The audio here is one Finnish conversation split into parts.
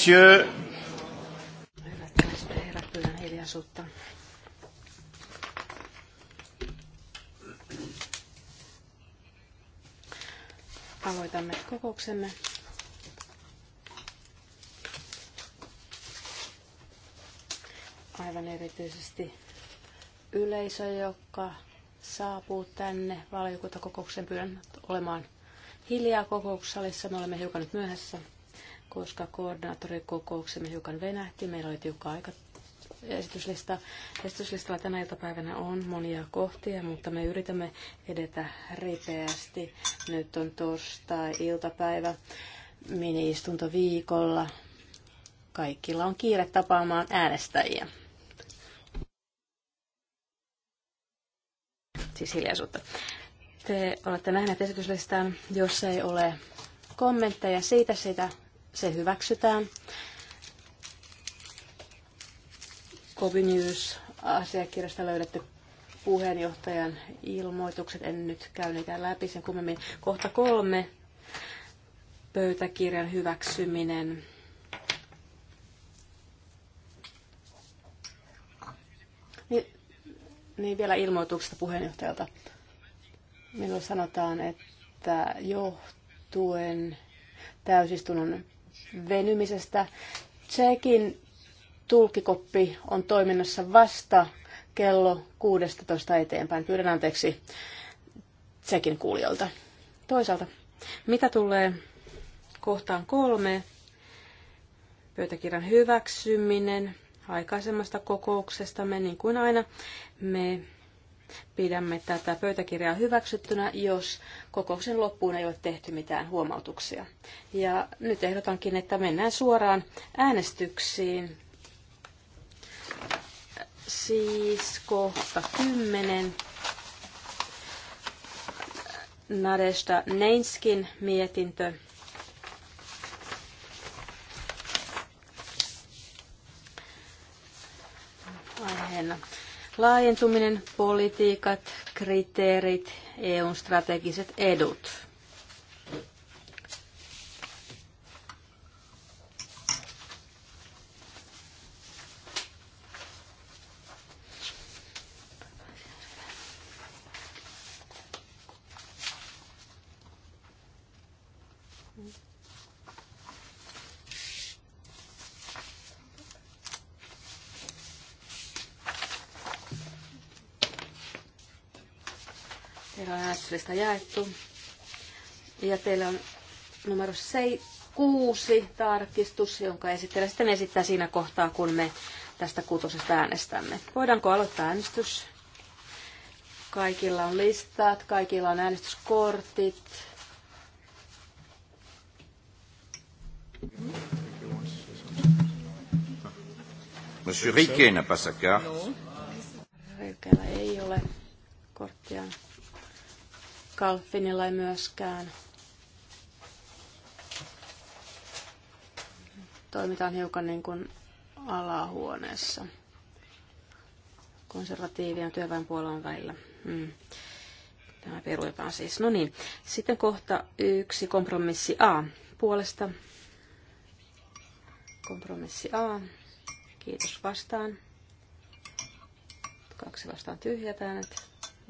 Monsieur. Aloitamme kokouksemme. Aivan erityisesti yleisö, joka saapuu tänne valiokuntakokouksen pyydän olemaan hiljaa kokouksessa. Me olemme hiukan nyt myöhässä koska koordinaattorikokouksemme hiukan venähti. Meillä oli tiukka aika esityslista. Esityslistalla tänä iltapäivänä on monia kohtia, mutta me yritämme edetä ripeästi. Nyt on torstai-iltapäivä mini-istunto viikolla. Kaikilla on kiire tapaamaan äänestäjiä. Siis hiljaisuutta. Te olette nähneet esityslistan, jos ei ole kommentteja siitä, sitä se hyväksytään. Kovinius asiakirjasta löydetty puheenjohtajan ilmoitukset. En nyt käy niitä läpi sen kummemmin. Kohta kolme. Pöytäkirjan hyväksyminen. Niin, niin vielä ilmoituksesta puheenjohtajalta. Minulle sanotaan, että johtuen täysistunnon venymisestä. Tsekin tulkikoppi on toiminnassa vasta kello 16 eteenpäin. Pyydän anteeksi Tsekin kuulijoilta. Toisaalta, mitä tulee kohtaan kolme, pöytäkirjan hyväksyminen aikaisemmasta kokouksestamme, niin kuin aina me Pidämme tätä pöytäkirjaa hyväksyttynä, jos kokouksen loppuun ei ole tehty mitään huomautuksia. Ja nyt ehdotankin, että mennään suoraan äänestyksiin. Siis kohta 10. Nadesta Neinskin mietintö. aiheena Laajentuminen, politiikat, kriteerit, EUn strategiset edut. Äänestyslista jaettu. Ja teillä on numero 6 tarkistus, jonka esittelijä sitten esittää siinä kohtaa, kun me tästä kutosesta äänestämme. Voidaanko aloittaa äänestys? Kaikilla on listat, kaikilla on äänestyskortit. Monsieur Riquet n'a pas sa carte. No. ei ole korttia skalfinilla ei myöskään. Toimitaan hiukan niin kuin alahuoneessa konservatiivien ja työväenpuolueen välillä. Hmm. Tämä peruetaan siis. No niin, sitten kohta yksi, kompromissi A puolesta. Kompromissi A. Kiitos vastaan. Kaksi vastaan tyhjät äänet.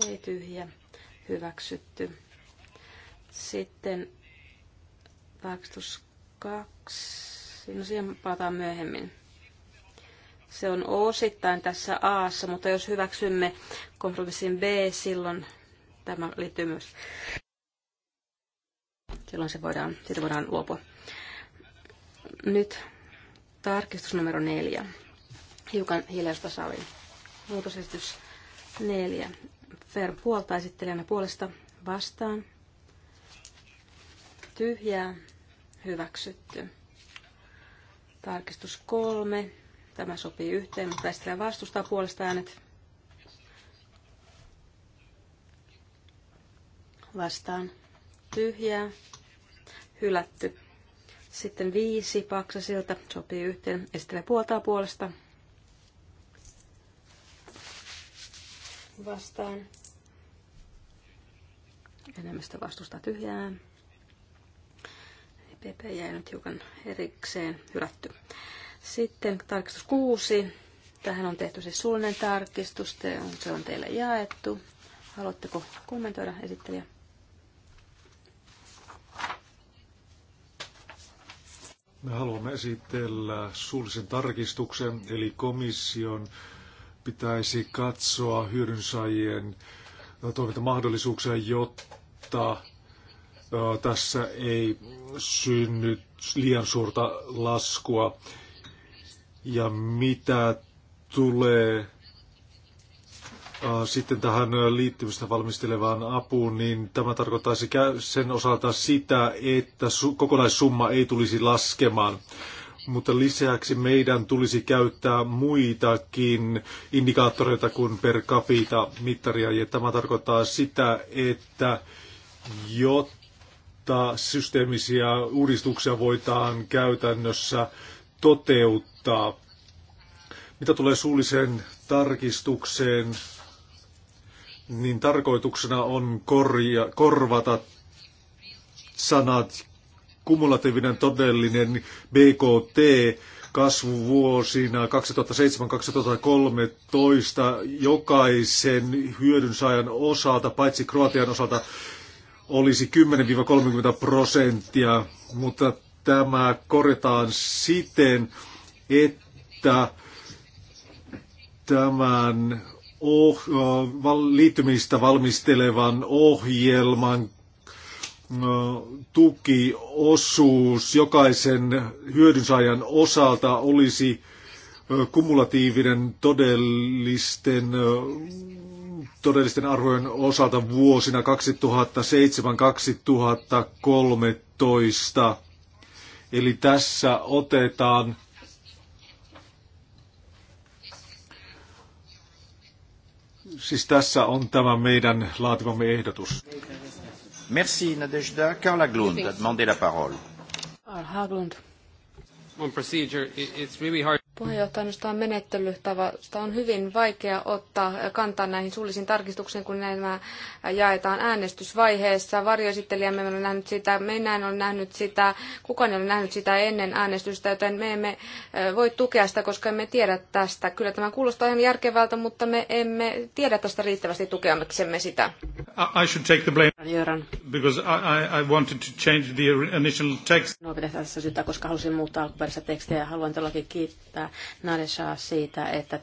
Ei tyhjä hyväksytty. Sitten tarkistus kaksi, no siihen palataan myöhemmin. Se on osittain tässä A, mutta jos hyväksymme kompromissin B, silloin tämä liittyy myös. Silloin se voidaan, siitä voidaan luopua. Nyt tarkistus numero neljä. Hiukan hiljaista saliin. Muutosesitys neljä. Fer puolta esittelijänä puolesta vastaan. Tyhjää. Hyväksytty. Tarkistus kolme. Tämä sopii yhteen, mutta esittelijä vastustaa puolesta äänet. Vastaan. Tyhjää. Hylätty. Sitten viisi paksasilta sopii yhteen. Esittelijä puoltaa puolesta. vastaan. Enemmistö vastustaa tyhjää. PP jäi nyt hiukan erikseen hylätty. Sitten tarkistus 6. Tähän on tehty siis suullinen tarkistus. Se on teille jaettu. Haluatteko kommentoida esittelijä? Me haluamme esitellä suullisen tarkistuksen, eli komission pitäisi katsoa hyödynsaajien toimintamahdollisuuksia, jotta tässä ei synny liian suurta laskua. Ja mitä tulee sitten tähän liittymistä valmistelevaan apuun, niin tämä tarkoittaisi sen osalta sitä, että kokonaissumma ei tulisi laskemaan mutta lisäksi meidän tulisi käyttää muitakin indikaattoreita kuin per capita mittaria. Ja tämä tarkoittaa sitä, että jotta systeemisiä uudistuksia voitaan käytännössä toteuttaa, mitä tulee suulliseen tarkistukseen, niin tarkoituksena on korja, korvata sanat kumulatiivinen todellinen BKT kasvuvuosina 2007-2013 jokaisen hyödynsaajan osalta, paitsi Kroatian osalta, olisi 10-30 prosenttia, mutta tämä korjataan siten, että tämän oh, äh, liittymistä valmistelevan ohjelman No, tukiosuus jokaisen hyödynsaajan osalta olisi kumulatiivinen todellisten, todellisten arvojen osalta vuosina 2007-2013. Eli tässä otetaan Siis tässä on tämä meidän laatimamme ehdotus. Merci Nadejda. Karl Haglund a demandé la parole. Karl Haglund. On procedure, it's really hard puheenjohtaja, ainoastaan menettelytavasta on hyvin vaikea ottaa kantaa näihin suullisiin tarkistuksiin, kun nämä jaetaan äänestysvaiheessa. Varjoesittelijämme on nähnyt sitä, minä en ole nähnyt sitä, kukaan ei ole nähnyt sitä ennen äänestystä, joten me emme voi tukea sitä, koska emme tiedä tästä. Kyllä tämä kuulostaa ihan järkevältä, mutta me emme tiedä tästä riittävästi tukeaksemme sitä. I should take the blame because I, I, wanted to change the initial text. No, pitäisi tässä syyttää, koska halusin muuttaa alkuperäistä tekstiä ja haluan todellakin kiittää Nadeshaa siitä, että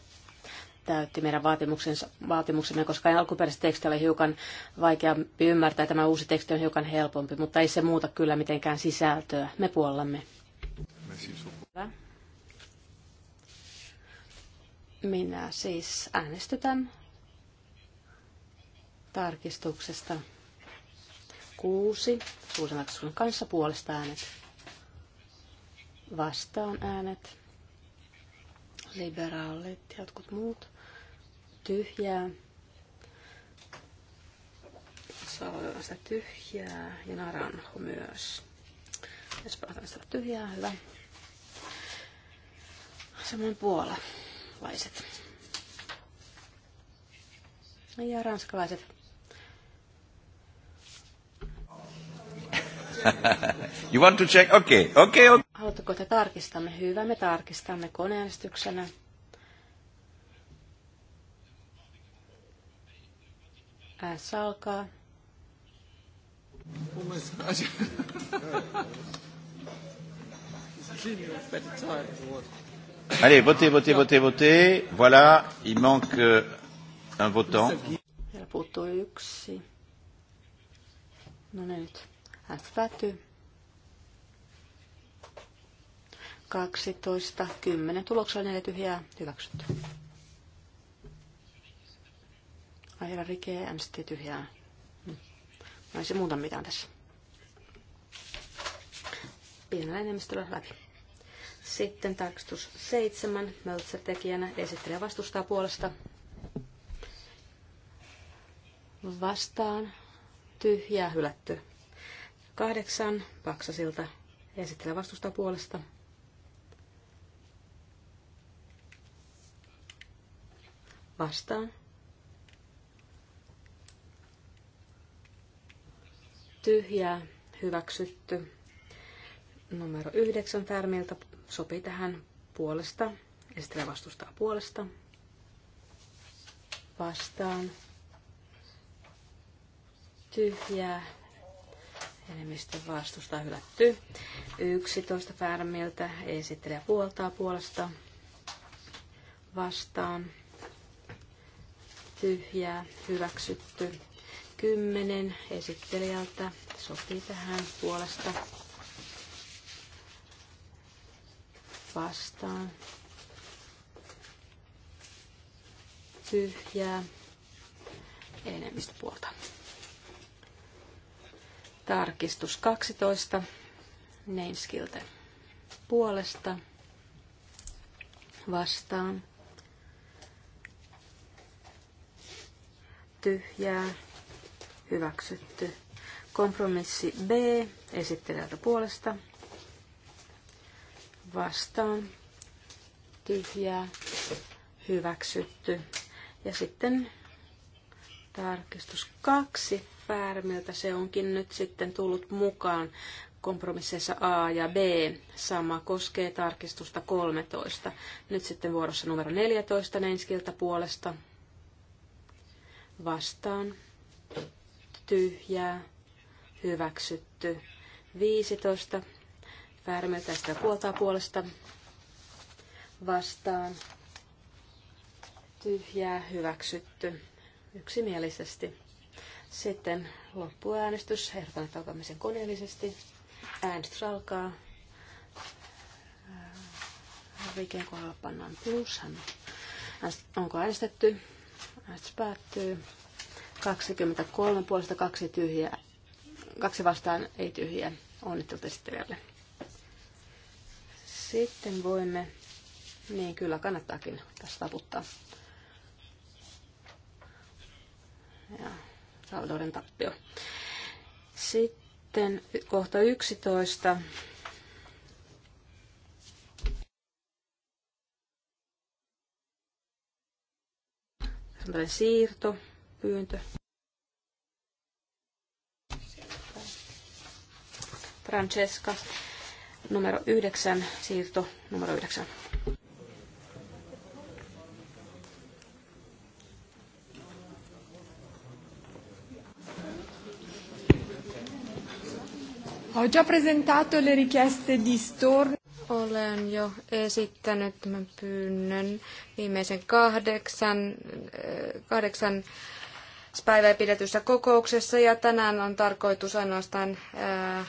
täytti meidän vaatimuksemme, koska alkuperäisessä teksti oli hiukan vaikeampi ymmärtää. Tämä uusi teksti on hiukan helpompi, mutta ei se muuta kyllä mitenkään sisältöä. Me puollamme. Minä siis äänestytän tarkistuksesta kuusi suuren kanssa puolesta äänet, vastaan äänet, liberaalit, jotkut muut, tyhjää, saa sitä tyhjää ja naranho myös. Jos päätän sitä tyhjää, hyvä. Samoin puolalaiset. Ja ranskalaiset you want to check? Okei, okay, okei. Okay, okay. Haluatteko, te tarkistamme? Hyvä, me tarkistamme koneäänestyksenä. S alkaa. Allez, votez, votez, votez, votez. Voilà, il manque euh, un votant. Il y Siellä puuttuu yksi. No niin nyt. Äänestys päättyy. 12, 10 tuloksella 4 tyhjää hyväksytty. Aira rikee, äänestettiin tyhjää. Hmm. No ei se muuta mitään tässä. Pienellä enemmistöllä läpi. Sitten tarkistus 7. Möltsä tekijänä esittelee vastustaa puolesta. Vastaan. Tyhjää hylätty kahdeksan Paksasilta esittelee vastusta puolesta. Vastaan. Tyhjää, hyväksytty. Numero yhdeksän Färmiltä sopii tähän puolesta. Esittelee vastustaa puolesta. Vastaan. Tyhjää, enemmistön vastusta hylätty. 11 Färmiltä esittelijä puoltaa puolesta vastaan. Tyhjää hyväksytty. 10 esittelijältä sopii tähän puolesta vastaan. Tyhjää enemmistö puolta. Tarkistus 12 Neinskiltä puolesta vastaan. Tyhjää, hyväksytty. Kompromissi B esittelijältä puolesta vastaan. Tyhjää, hyväksytty. Ja sitten tarkistus 2 Färmiltä se onkin nyt sitten tullut mukaan kompromisseissa A ja B. Sama koskee tarkistusta 13. Nyt sitten vuorossa numero 14 Nenskiltä puolesta. Vastaan. Tyhjää. Hyväksytty. 15. Färmiltä sitä puoltaa puolesta. Vastaan. Tyhjää. Hyväksytty. Yksimielisesti. Sitten loppuäänestys. Ehdotan, että alkaa sen koneellisesti. Äänestys alkaa. Rikeen kohdalla pannaan plus. Onko äänestetty? Äänestys päättyy. 23 puolesta kaksi tyhjää. Kaksi vastaan ei tyhjää. Onnittelut esittelijälle. Sitten voimme, niin kyllä kannattaakin tässä taputtaa. Ja Saldouden tappio. Sitten kohta 11. Tällainen siirto, pyyntö. Francesca, numero 9, siirto numero 9. Ho già presentato le richieste di Olen jo esittänyt tämän pyynnön viimeisen kahdeksan, eh, kahdeksan päivää pidetyssä kokouksessa ja tänään on tarkoitus ainoastaan eh,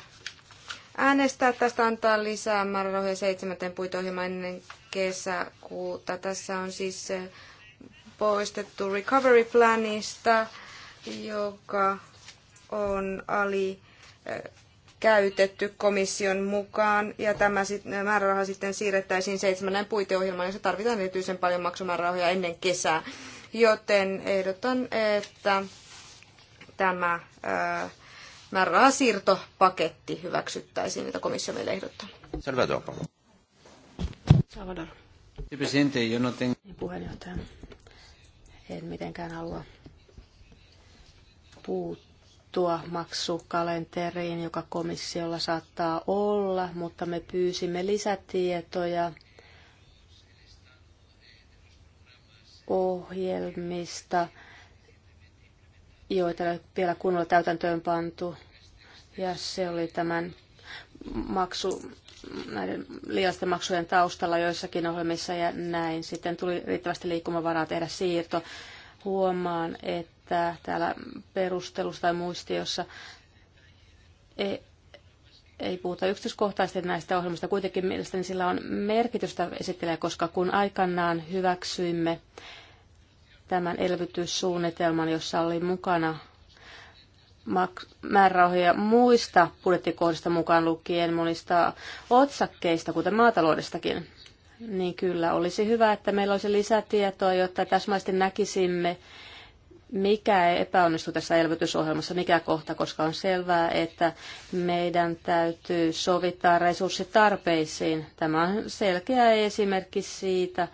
äänestää tästä antaa lisää määrärahoja seitsemänten puitoihin ennen kesäkuuta. Tässä on siis eh, poistettu recovery planista, joka on ali käytetty komission mukaan, ja tämä määräraha sitten siirrettäisiin seitsemännen puiteohjelmaan, jossa tarvitaan erityisen paljon maksumäärärahoja ennen kesää. Joten ehdotan, että tämä ää, määrärahasiirtopaketti hyväksyttäisiin, mitä komissio meille ehdottaa. Salvador. Salvador. Presidente, yo no tengo... Niin, puheenjohtaja, en mitenkään halua puuttua puuttua maksukalenteriin, joka komissiolla saattaa olla, mutta me pyysimme lisätietoja ohjelmista, joita ei vielä kunnolla täytäntöön pantu. Ja se oli tämän maksu, näiden liiallisten maksujen taustalla joissakin ohjelmissa ja näin. Sitten tuli riittävästi liikkumavaraa tehdä siirto. Huomaan, että esittää täällä perustelussa tai muistiossa. Ei, ei puhuta yksityiskohtaisesti näistä ohjelmista. Kuitenkin mielestäni sillä on merkitystä esittelee, koska kun aikanaan hyväksyimme tämän elvytyssuunnitelman, jossa oli mukana määrärahoja muista budjettikohdista mukaan lukien monista otsakkeista, kuten maataloudestakin, niin kyllä olisi hyvä, että meillä olisi lisätietoa, jotta täsmäisesti näkisimme, mikä epäonnistuu tässä elvytysohjelmassa, mikä kohta, koska on selvää, että meidän täytyy sovittaa resurssit tarpeisiin. Tämä on selkeä esimerkki siitä,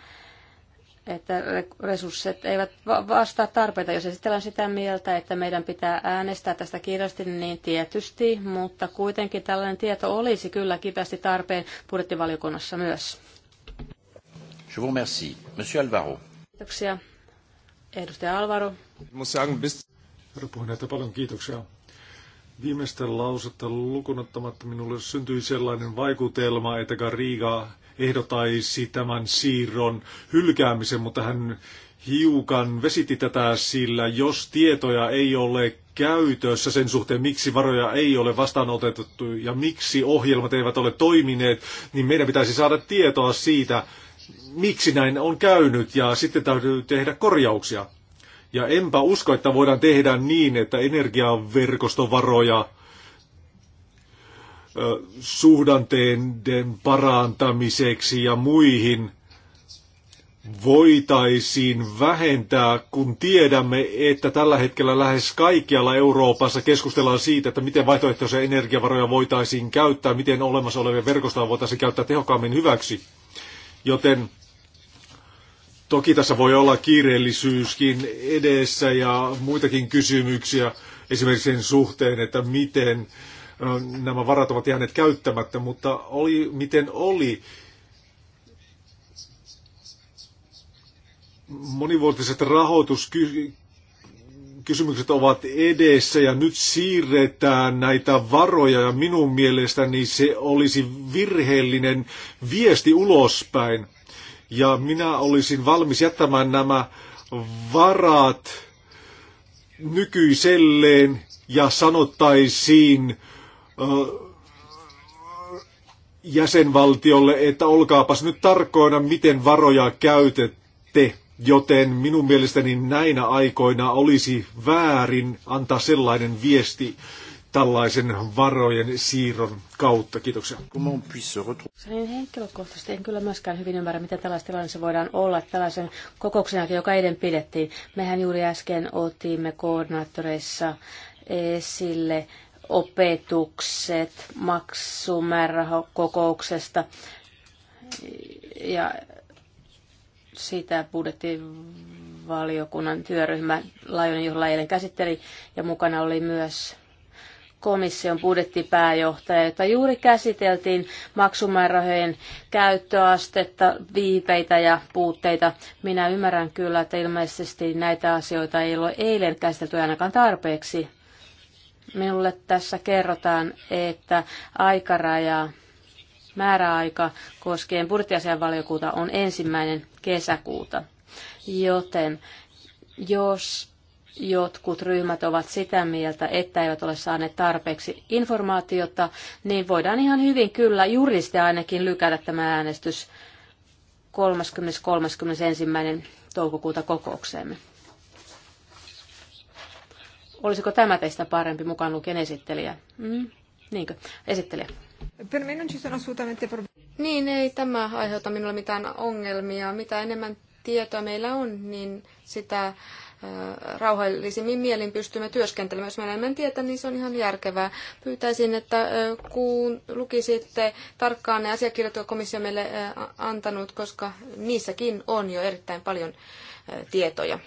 että resurssit eivät vastaa tarpeita. Jos esitellään sitä mieltä, että meidän pitää äänestää tästä kirjasti, niin tietysti, mutta kuitenkin tällainen tieto olisi kyllä kipeästi tarpeen budjettivaliokunnassa myös. Je vous remercie. Monsieur Alvaro. Kiitoksia. Edustaja Alvaro. Herra paljon kiitoksia. Viimeistä lausetta lukunottamatta minulle syntyi sellainen vaikutelma, että Riga ehdotaisi tämän siirron hylkäämisen, mutta hän hiukan vesitti tätä, sillä jos tietoja ei ole käytössä sen suhteen, miksi varoja ei ole vastaanotettu ja miksi ohjelmat eivät ole toimineet, niin meidän pitäisi saada tietoa siitä, miksi näin on käynyt ja sitten täytyy tehdä korjauksia. Ja enpä usko, että voidaan tehdä niin, että energiaverkostovaroja suhdanteiden parantamiseksi ja muihin voitaisiin vähentää, kun tiedämme, että tällä hetkellä lähes kaikkialla Euroopassa keskustellaan siitä, että miten vaihtoehtoisia energiavaroja voitaisiin käyttää, miten olemassa olevia verkostoja voitaisiin käyttää tehokkaammin hyväksi. Joten Toki tässä voi olla kiireellisyyskin edessä ja muitakin kysymyksiä esimerkiksi sen suhteen, että miten nämä varat ovat jääneet käyttämättä, mutta oli miten oli. Monivuotiset rahoituskysymykset ovat edessä ja nyt siirretään näitä varoja ja minun mielestäni se olisi virheellinen viesti ulospäin. Ja minä olisin valmis jättämään nämä varat nykyiselleen ja sanottaisiin äh, jäsenvaltiolle, että olkaapas nyt tarkoina, miten varoja käytette. Joten minun mielestäni näinä aikoina olisi väärin antaa sellainen viesti tällaisen varojen siirron kautta. Kiitoksia. Niin henkilökohtaisesti en kyllä myöskään hyvin ymmärrä, miten tällaista tilanteessa voidaan olla tällaisen kokouksen jälkeen, joka eilen pidettiin. Mehän juuri äsken otimme koordinaattoreissa esille opetukset maksumäärärahakokouksesta ja sitä valiokunnan työryhmä Laajonen johdolla eilen käsitteli ja mukana oli myös komission budjettipääjohtaja, jota juuri käsiteltiin maksumäärärahojen käyttöastetta, viipeitä ja puutteita. Minä ymmärrän kyllä, että ilmeisesti näitä asioita ei ole eilen käsitelty ainakaan tarpeeksi. Minulle tässä kerrotaan, että aikaraja määräaika koskien budjettiasianvaliokunta on ensimmäinen kesäkuuta. Joten jos jotkut ryhmät ovat sitä mieltä, että eivät ole saaneet tarpeeksi informaatiota, niin voidaan ihan hyvin kyllä juristi ainakin lykätä tämä äänestys 30.31. toukokuuta kokoukseemme. Olisiko tämä teistä parempi mukaan lukien esittelijä? Mm, niinkö? Esittelijä. Per ci sono assolutamente Niin, ei tämä aiheuta minulle mitään ongelmia. Mitä enemmän tietoa meillä on, niin sitä rauhallisimmin mielin pystymme työskentelemään. Jos meillä en tietä, niin se on ihan järkevää. Pyytäisin, että kun lukisitte tarkkaan ne asiakirjat, jotka komissio meille antanut, koska niissäkin on jo erittäin paljon tietoja.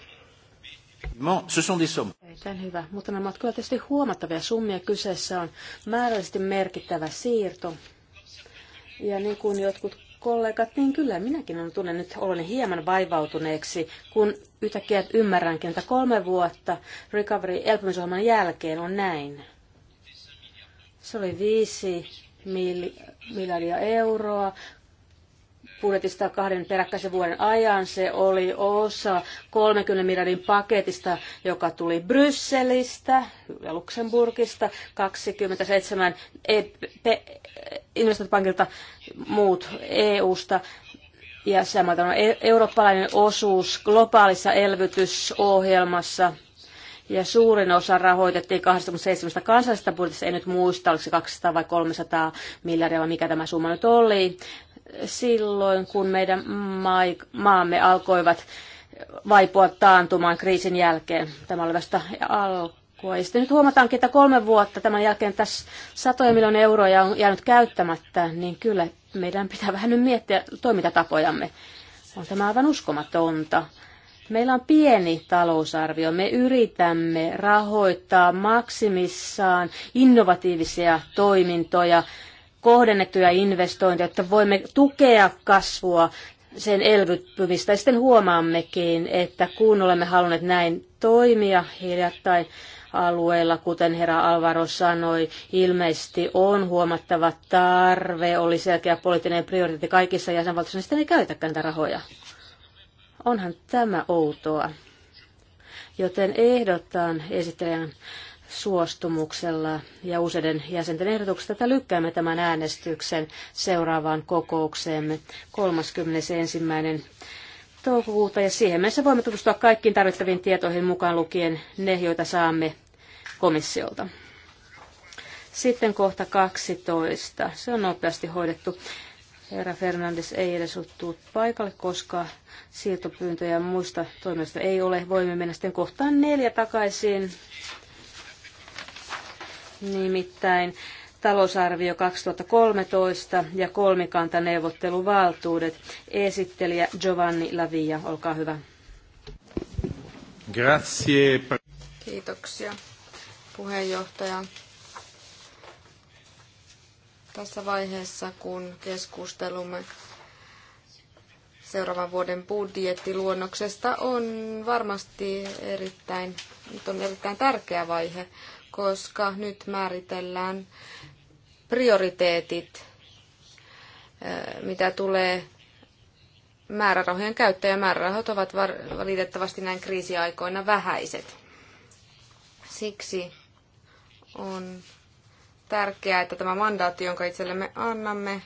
Erittäin hyvä, mutta nämä ovat kyllä tietysti huomattavia summia. Kyseessä on määrällisesti merkittävä siirto. Ja niin kuin jotkut kollegat, niin kyllä minäkin on tunnen nyt olen hieman vaivautuneeksi, kun yhtäkkiä ymmärränkin, että kolme vuotta recovery elpymisohjelman jälkeen on näin. Se oli viisi miljardia euroa, budjetista kahden peräkkäisen vuoden ajan. Se oli osa 30 miljardin paketista, joka tuli Brysselistä ja Luxemburgista, 27 e investointipankilta muut EU-sta. Ja samalta on e eurooppalainen osuus globaalissa elvytysohjelmassa, ja suurin osa rahoitettiin 27 kansallisesta budjetista, en nyt muista, oliko se 200 vai 300 miljardia vai mikä tämä summa nyt oli silloin, kun meidän maamme alkoivat vaipua taantumaan kriisin jälkeen. Tämä oli vasta alkua. Ja sitten nyt huomataankin, että kolme vuotta tämän jälkeen tässä satoja miljoonia euroja on jäänyt käyttämättä, niin kyllä meidän pitää vähän nyt miettiä toimintatapojamme. On tämä aivan uskomatonta. Meillä on pieni talousarvio. Me yritämme rahoittaa maksimissaan innovatiivisia toimintoja, kohdennettuja investointeja, että voimme tukea kasvua sen elvyttymistä. Ja sitten huomaammekin, että kun olemme halunneet näin toimia hiljattain alueella, kuten herra Alvaro sanoi, ilmeisesti on huomattava tarve, oli selkeä poliittinen prioriteetti kaikissa jäsenvaltioissa, niin sitten ei käytäkään näitä rahoja. Onhan tämä outoa. Joten ehdotan esittelijän suostumuksella ja useiden jäsenten ehdotuksesta, että lykkäämme tämän äänestyksen seuraavaan kokoukseemme 31. toukokuuta. Ja siihen mennessä voimme tutustua kaikkiin tarvittaviin tietoihin mukaan lukien ne, joita saamme komissiolta. Sitten kohta 12. Se on nopeasti hoidettu. Herra Fernandes ei edes tullut paikalle, koska siirtopyyntöjä muista toimista ei ole. Voimme mennä sitten kohtaan neljä takaisin nimittäin talousarvio 2013 ja kolmikantaneuvotteluvaltuudet. Esittelijä Giovanni Lavia, olkaa hyvä. Grazie. Kiitoksia puheenjohtaja. Tässä vaiheessa, kun keskustelumme seuraavan vuoden budjettiluonnoksesta, on varmasti erittäin, nyt on erittäin tärkeä vaihe koska nyt määritellään prioriteetit, mitä tulee määrärahojen käyttöön. Määrärahat ovat valitettavasti näin kriisiaikoina vähäiset. Siksi on tärkeää, että tämä mandaatti, jonka itsellemme annamme,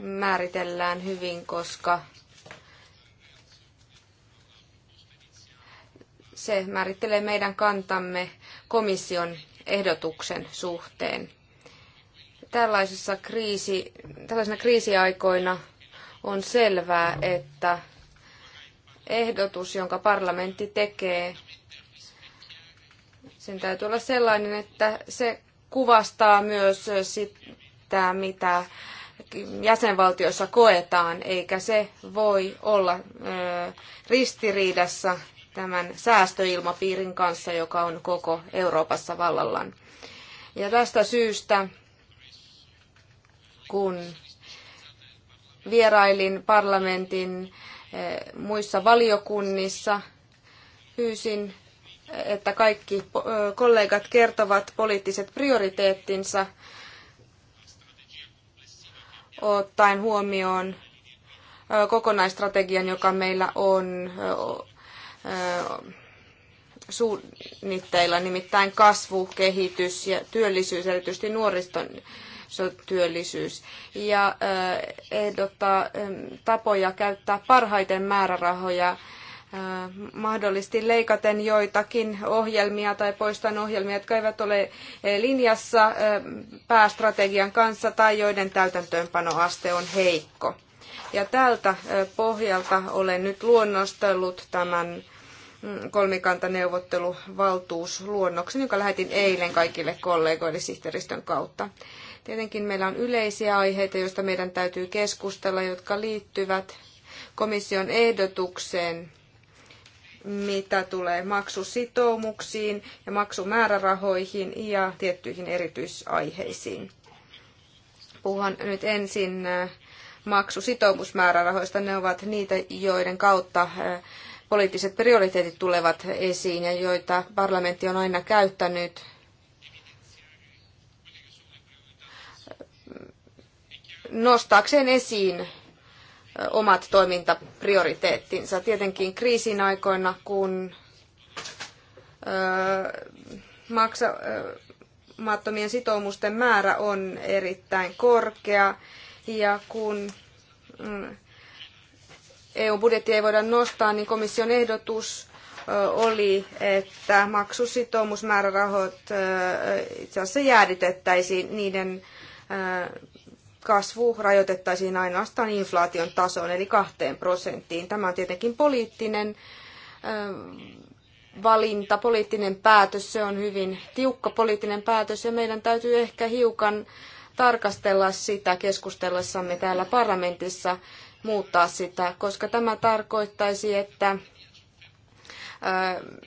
määritellään hyvin, koska Se määrittelee meidän kantamme komission ehdotuksen suhteen. Tällaisessa kriisi, tällaisina kriisiaikoina on selvää, että ehdotus, jonka parlamentti tekee, sen täytyy olla sellainen, että se kuvastaa myös sitä, mitä jäsenvaltioissa koetaan, eikä se voi olla ristiriidassa tämän säästöilmapiirin kanssa, joka on koko Euroopassa vallallaan. Ja tästä syystä, kun vierailin parlamentin eh, muissa valiokunnissa, pyysin, eh, että kaikki eh, kollegat kertovat poliittiset prioriteettinsa ottaen huomioon kokonaistrategian, joka meillä on suunnitteilla, nimittäin kasvu, kehitys ja työllisyys, erityisesti nuoriston työllisyys, ja ehdottaa tapoja käyttää parhaiten määrärahoja mahdollisesti leikaten joitakin ohjelmia tai poistan ohjelmia, jotka eivät ole linjassa päästrategian kanssa tai joiden täytäntöönpanoaste on heikko. Ja tältä pohjalta olen nyt luonnostellut tämän mm, kolmikantaneuvotteluvaltuusluonnoksen, jonka lähetin eilen kaikille kollegoille sihteeristön kautta. Tietenkin meillä on yleisiä aiheita, joista meidän täytyy keskustella, jotka liittyvät komission ehdotukseen, mitä tulee maksusitoumuksiin ja maksumäärärahoihin ja tiettyihin erityisaiheisiin. Puhun nyt ensin maksusitoumusmäärärahoista. Ne ovat niitä, joiden kautta poliittiset prioriteetit tulevat esiin ja joita parlamentti on aina käyttänyt nostaakseen esiin omat toimintaprioriteettinsa. Tietenkin kriisin aikoina, kun maksamattomien sitoumusten määrä on erittäin korkea, ja kun mm, EU-budjettia ei voida nostaa, niin komission ehdotus oli, että maksusitoumusmäärärahat itse asiassa jäädytettäisiin niiden kasvu rajoitettaisiin ainoastaan inflaation tasoon, eli kahteen prosenttiin. Tämä on tietenkin poliittinen valinta, poliittinen päätös. Se on hyvin tiukka poliittinen päätös ja meidän täytyy ehkä hiukan tarkastella sitä keskustellessamme täällä parlamentissa, muuttaa sitä, koska tämä tarkoittaisi, että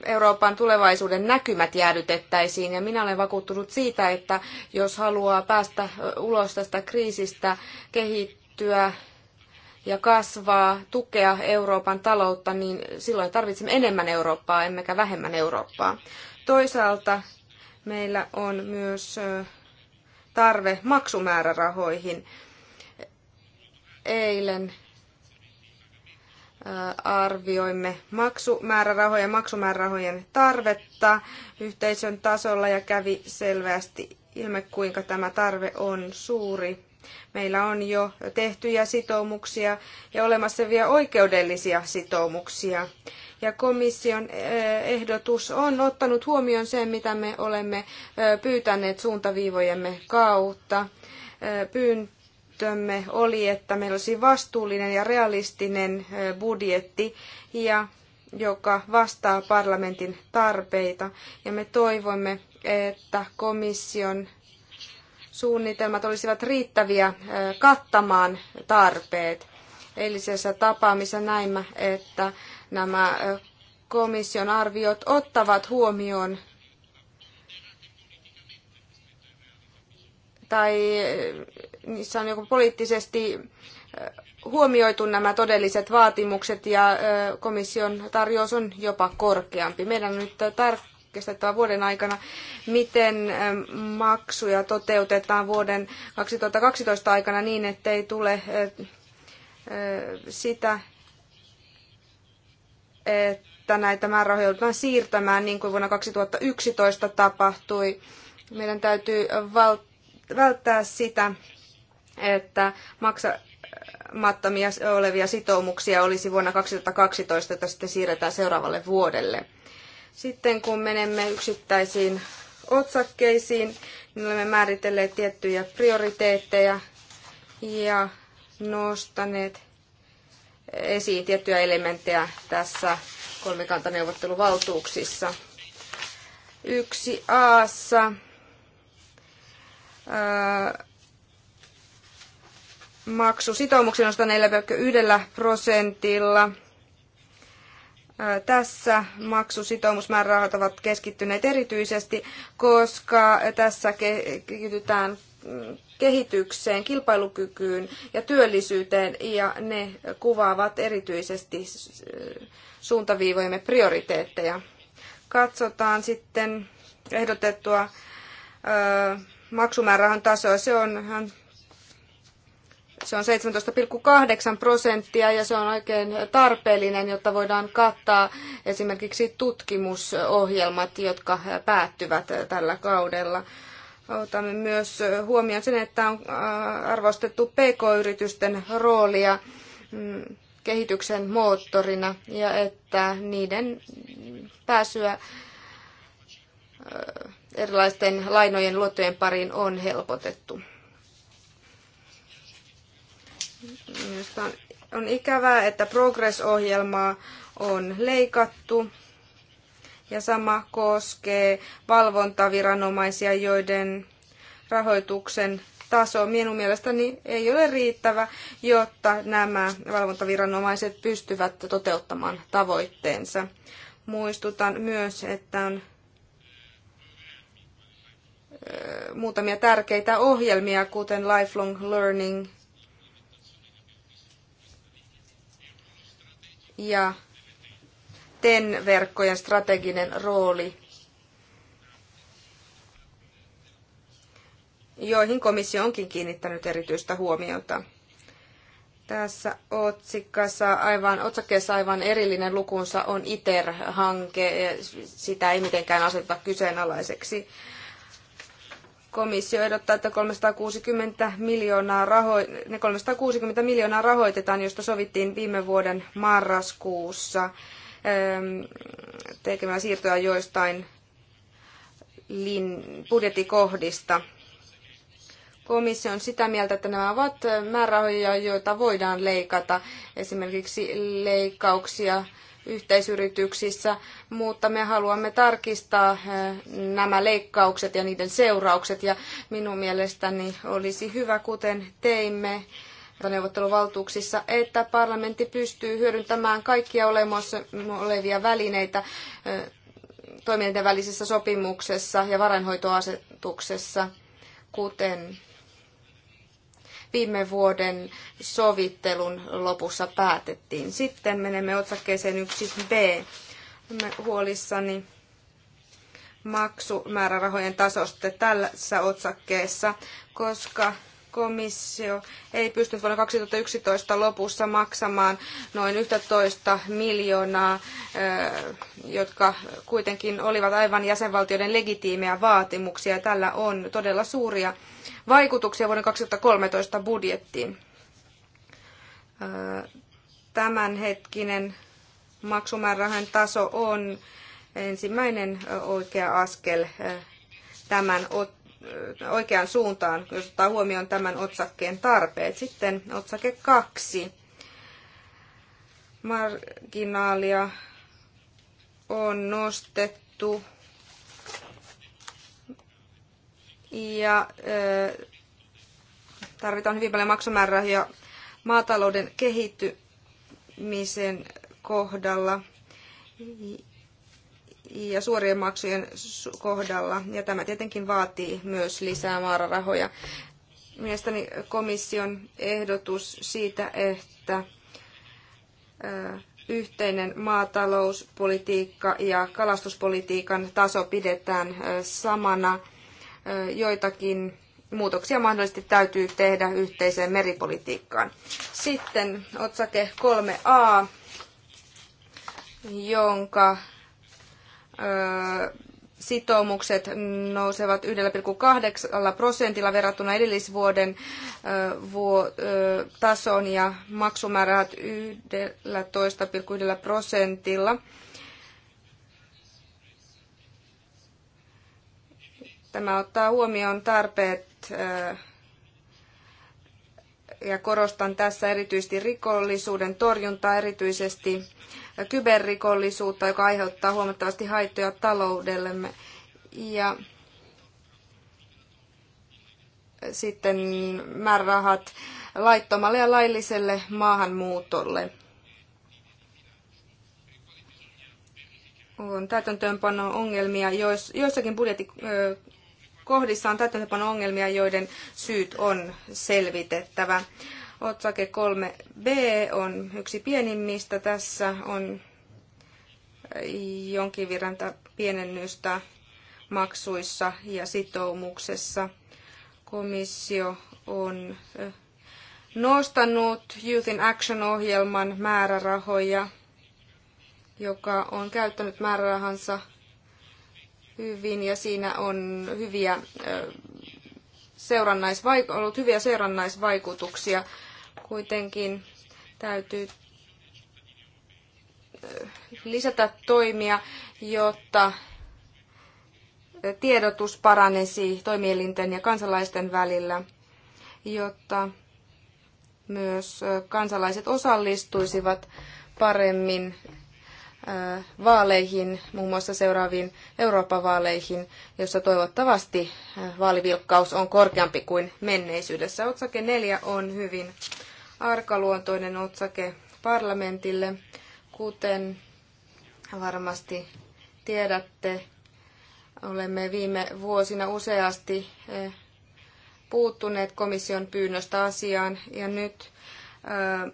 Euroopan tulevaisuuden näkymät jäädytettäisiin. Ja minä olen vakuuttunut siitä, että jos haluaa päästä ulos tästä kriisistä, kehittyä ja kasvaa, tukea Euroopan taloutta, niin silloin tarvitsemme enemmän Eurooppaa, emmekä vähemmän Eurooppaa. Toisaalta meillä on myös tarve maksumäärärahoihin. Eilen arvioimme maksumäärärahojen maksumäärärahojen tarvetta yhteisön tasolla ja kävi selvästi ilme, kuinka tämä tarve on suuri. Meillä on jo tehtyjä sitoumuksia ja olemassa vielä oikeudellisia sitoumuksia ja komission eh, ehdotus on ottanut huomioon sen, mitä me olemme eh, pyytäneet suuntaviivojemme kautta. Eh, pyyntömme oli, että meillä olisi vastuullinen ja realistinen budjetti ja joka vastaa parlamentin tarpeita. Ja me toivomme, että komission suunnitelmat olisivat riittäviä kattamaan tarpeet. Eilisessä tapaamisessa näimme, että nämä komission arviot ottavat huomioon tai niissä on joku poliittisesti huomioitu nämä todelliset vaatimukset ja komission tarjous on jopa korkeampi. Meidän on nyt tarkistettava vuoden aikana, miten maksuja toteutetaan vuoden 2012 aikana niin, ettei tule sitä että näitä määrärahoja joudutaan siirtämään, niin kuin vuonna 2011 tapahtui. Meidän täytyy välttää sitä, että maksamattomia olevia sitoumuksia olisi vuonna 2012, joita sitten siirretään seuraavalle vuodelle. Sitten kun menemme yksittäisiin otsakkeisiin, niin olemme määritelleet tiettyjä prioriteetteja ja nostaneet esiin tiettyjä elementtejä tässä kolmikantaneuvotteluvaltuuksissa. Yksi Aassa sitoumuksen nosta 4,1 prosentilla. Tässä maksusitoumusmäärärahat ovat keskittyneet erityisesti, koska tässä keskitytään kehitykseen, kilpailukykyyn ja työllisyyteen, ja ne kuvaavat erityisesti suuntaviivojemme prioriteetteja. Katsotaan sitten ehdotettua ö, maksumäärärahan tasoa. Se on, se on 17,8 prosenttia ja se on oikein tarpeellinen, jotta voidaan kattaa esimerkiksi tutkimusohjelmat, jotka päättyvät tällä kaudella. Otamme myös huomioon sen, että on äh, arvostettu pk-yritysten roolia mm, kehityksen moottorina ja että niiden pääsyä äh, erilaisten lainojen luottojen pariin on helpotettu. Minusta on ikävää, että progress-ohjelmaa on leikattu ja sama koskee valvontaviranomaisia, joiden rahoituksen taso minun mielestäni ei ole riittävä, jotta nämä valvontaviranomaiset pystyvät toteuttamaan tavoitteensa. Muistutan myös, että on muutamia tärkeitä ohjelmia, kuten Lifelong Learning ja TEN-verkkojen strateginen rooli, joihin komissio onkin kiinnittänyt erityistä huomiota. Tässä otsikassa aivan, otsakkeessa aivan erillinen lukunsa on ITER-hanke, ja sitä ei mitenkään aseteta kyseenalaiseksi. Komissio ehdottaa, että 360 miljoonaa, raho- ne 360 miljoonaa rahoitetaan, josta sovittiin viime vuoden marraskuussa tekemään siirtoja joistain budjettikohdista. Komissio on sitä mieltä, että nämä ovat määrärahoja, joita voidaan leikata, esimerkiksi leikkauksia yhteisyrityksissä, mutta me haluamme tarkistaa nämä leikkaukset ja niiden seuraukset. Ja minun mielestäni olisi hyvä, kuten teimme neuvotteluvaltuuksissa, että parlamentti pystyy hyödyntämään kaikkia olemassa olevia välineitä toimijoiden välisessä sopimuksessa ja varainhoitoasetuksessa, kuten viime vuoden sovittelun lopussa päätettiin. Sitten menemme otsakkeeseen 1b. Olemme huolissani maksumäärärahojen tasosta tässä otsakkeessa, koska komissio ei pystynyt vuonna 2011 lopussa maksamaan noin 11 miljoonaa, jotka kuitenkin olivat aivan jäsenvaltioiden legitiimejä vaatimuksia. Tällä on todella suuria vaikutuksia vuoden 2013 budjettiin. Tämänhetkinen maksumäärähän taso on ensimmäinen oikea askel tämän ottamiseen oikeaan suuntaan, jos ottaa huomioon tämän otsakkeen tarpeet. Sitten otsake kaksi. Marginaalia on nostettu ja ö, tarvitaan hyvin paljon maksamäärärahoja maatalouden kehittymisen kohdalla ja suorien maksujen kohdalla. Ja tämä tietenkin vaatii myös lisää määrärahoja. Mielestäni komission ehdotus siitä, että yhteinen maatalouspolitiikka ja kalastuspolitiikan taso pidetään samana. Joitakin muutoksia mahdollisesti täytyy tehdä yhteiseen meripolitiikkaan. Sitten otsake 3a, jonka sitoumukset nousevat 1,8 prosentilla verrattuna edellisvuoden tason ja maksumäärät 11,1 prosentilla. Tämä ottaa huomioon tarpeet ja korostan tässä erityisesti rikollisuuden torjuntaa, erityisesti kyberrikollisuutta, joka aiheuttaa huomattavasti haittoja taloudellemme. Ja sitten määrärahat laittomalle ja lailliselle maahanmuutolle. On täytäntöönpano ongelmia, jos, joissakin budjettikohdissa on täytäntöönpano ongelmia, joiden syyt on selvitettävä. Otsake 3b on yksi pienimmistä. Tässä on jonkin verran pienennystä maksuissa ja sitoumuksessa. Komissio on nostanut Youth in Action-ohjelman määrärahoja, joka on käyttänyt määrärahansa hyvin ja siinä on hyviä, ollut hyviä seurannaisvaikutuksia Kuitenkin täytyy äh, lisätä toimia, jotta äh, tiedotus paranesi toimielinten ja kansalaisten välillä, jotta myös äh, kansalaiset osallistuisivat paremmin vaaleihin, muun muassa seuraaviin Euroopan vaaleihin, jossa toivottavasti vaalivilkkaus on korkeampi kuin menneisyydessä. Otsake neljä on hyvin arkaluontoinen otsake parlamentille, kuten varmasti tiedätte. Olemme viime vuosina useasti eh, puuttuneet komission pyynnöstä asiaan ja nyt eh,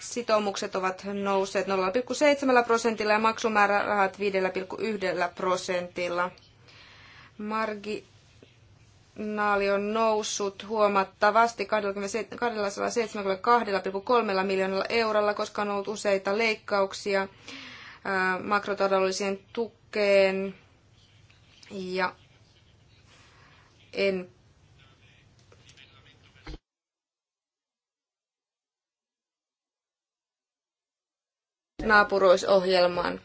sitoumukset ovat nousseet 0,7 prosentilla ja maksumäärärahat 5,1 prosentilla. Margi, naali on noussut huomattavasti 272,3 miljoonalla eurolla, koska on ollut useita leikkauksia makrotaloudelliseen tukeen ja en naapuruisohjelmaan.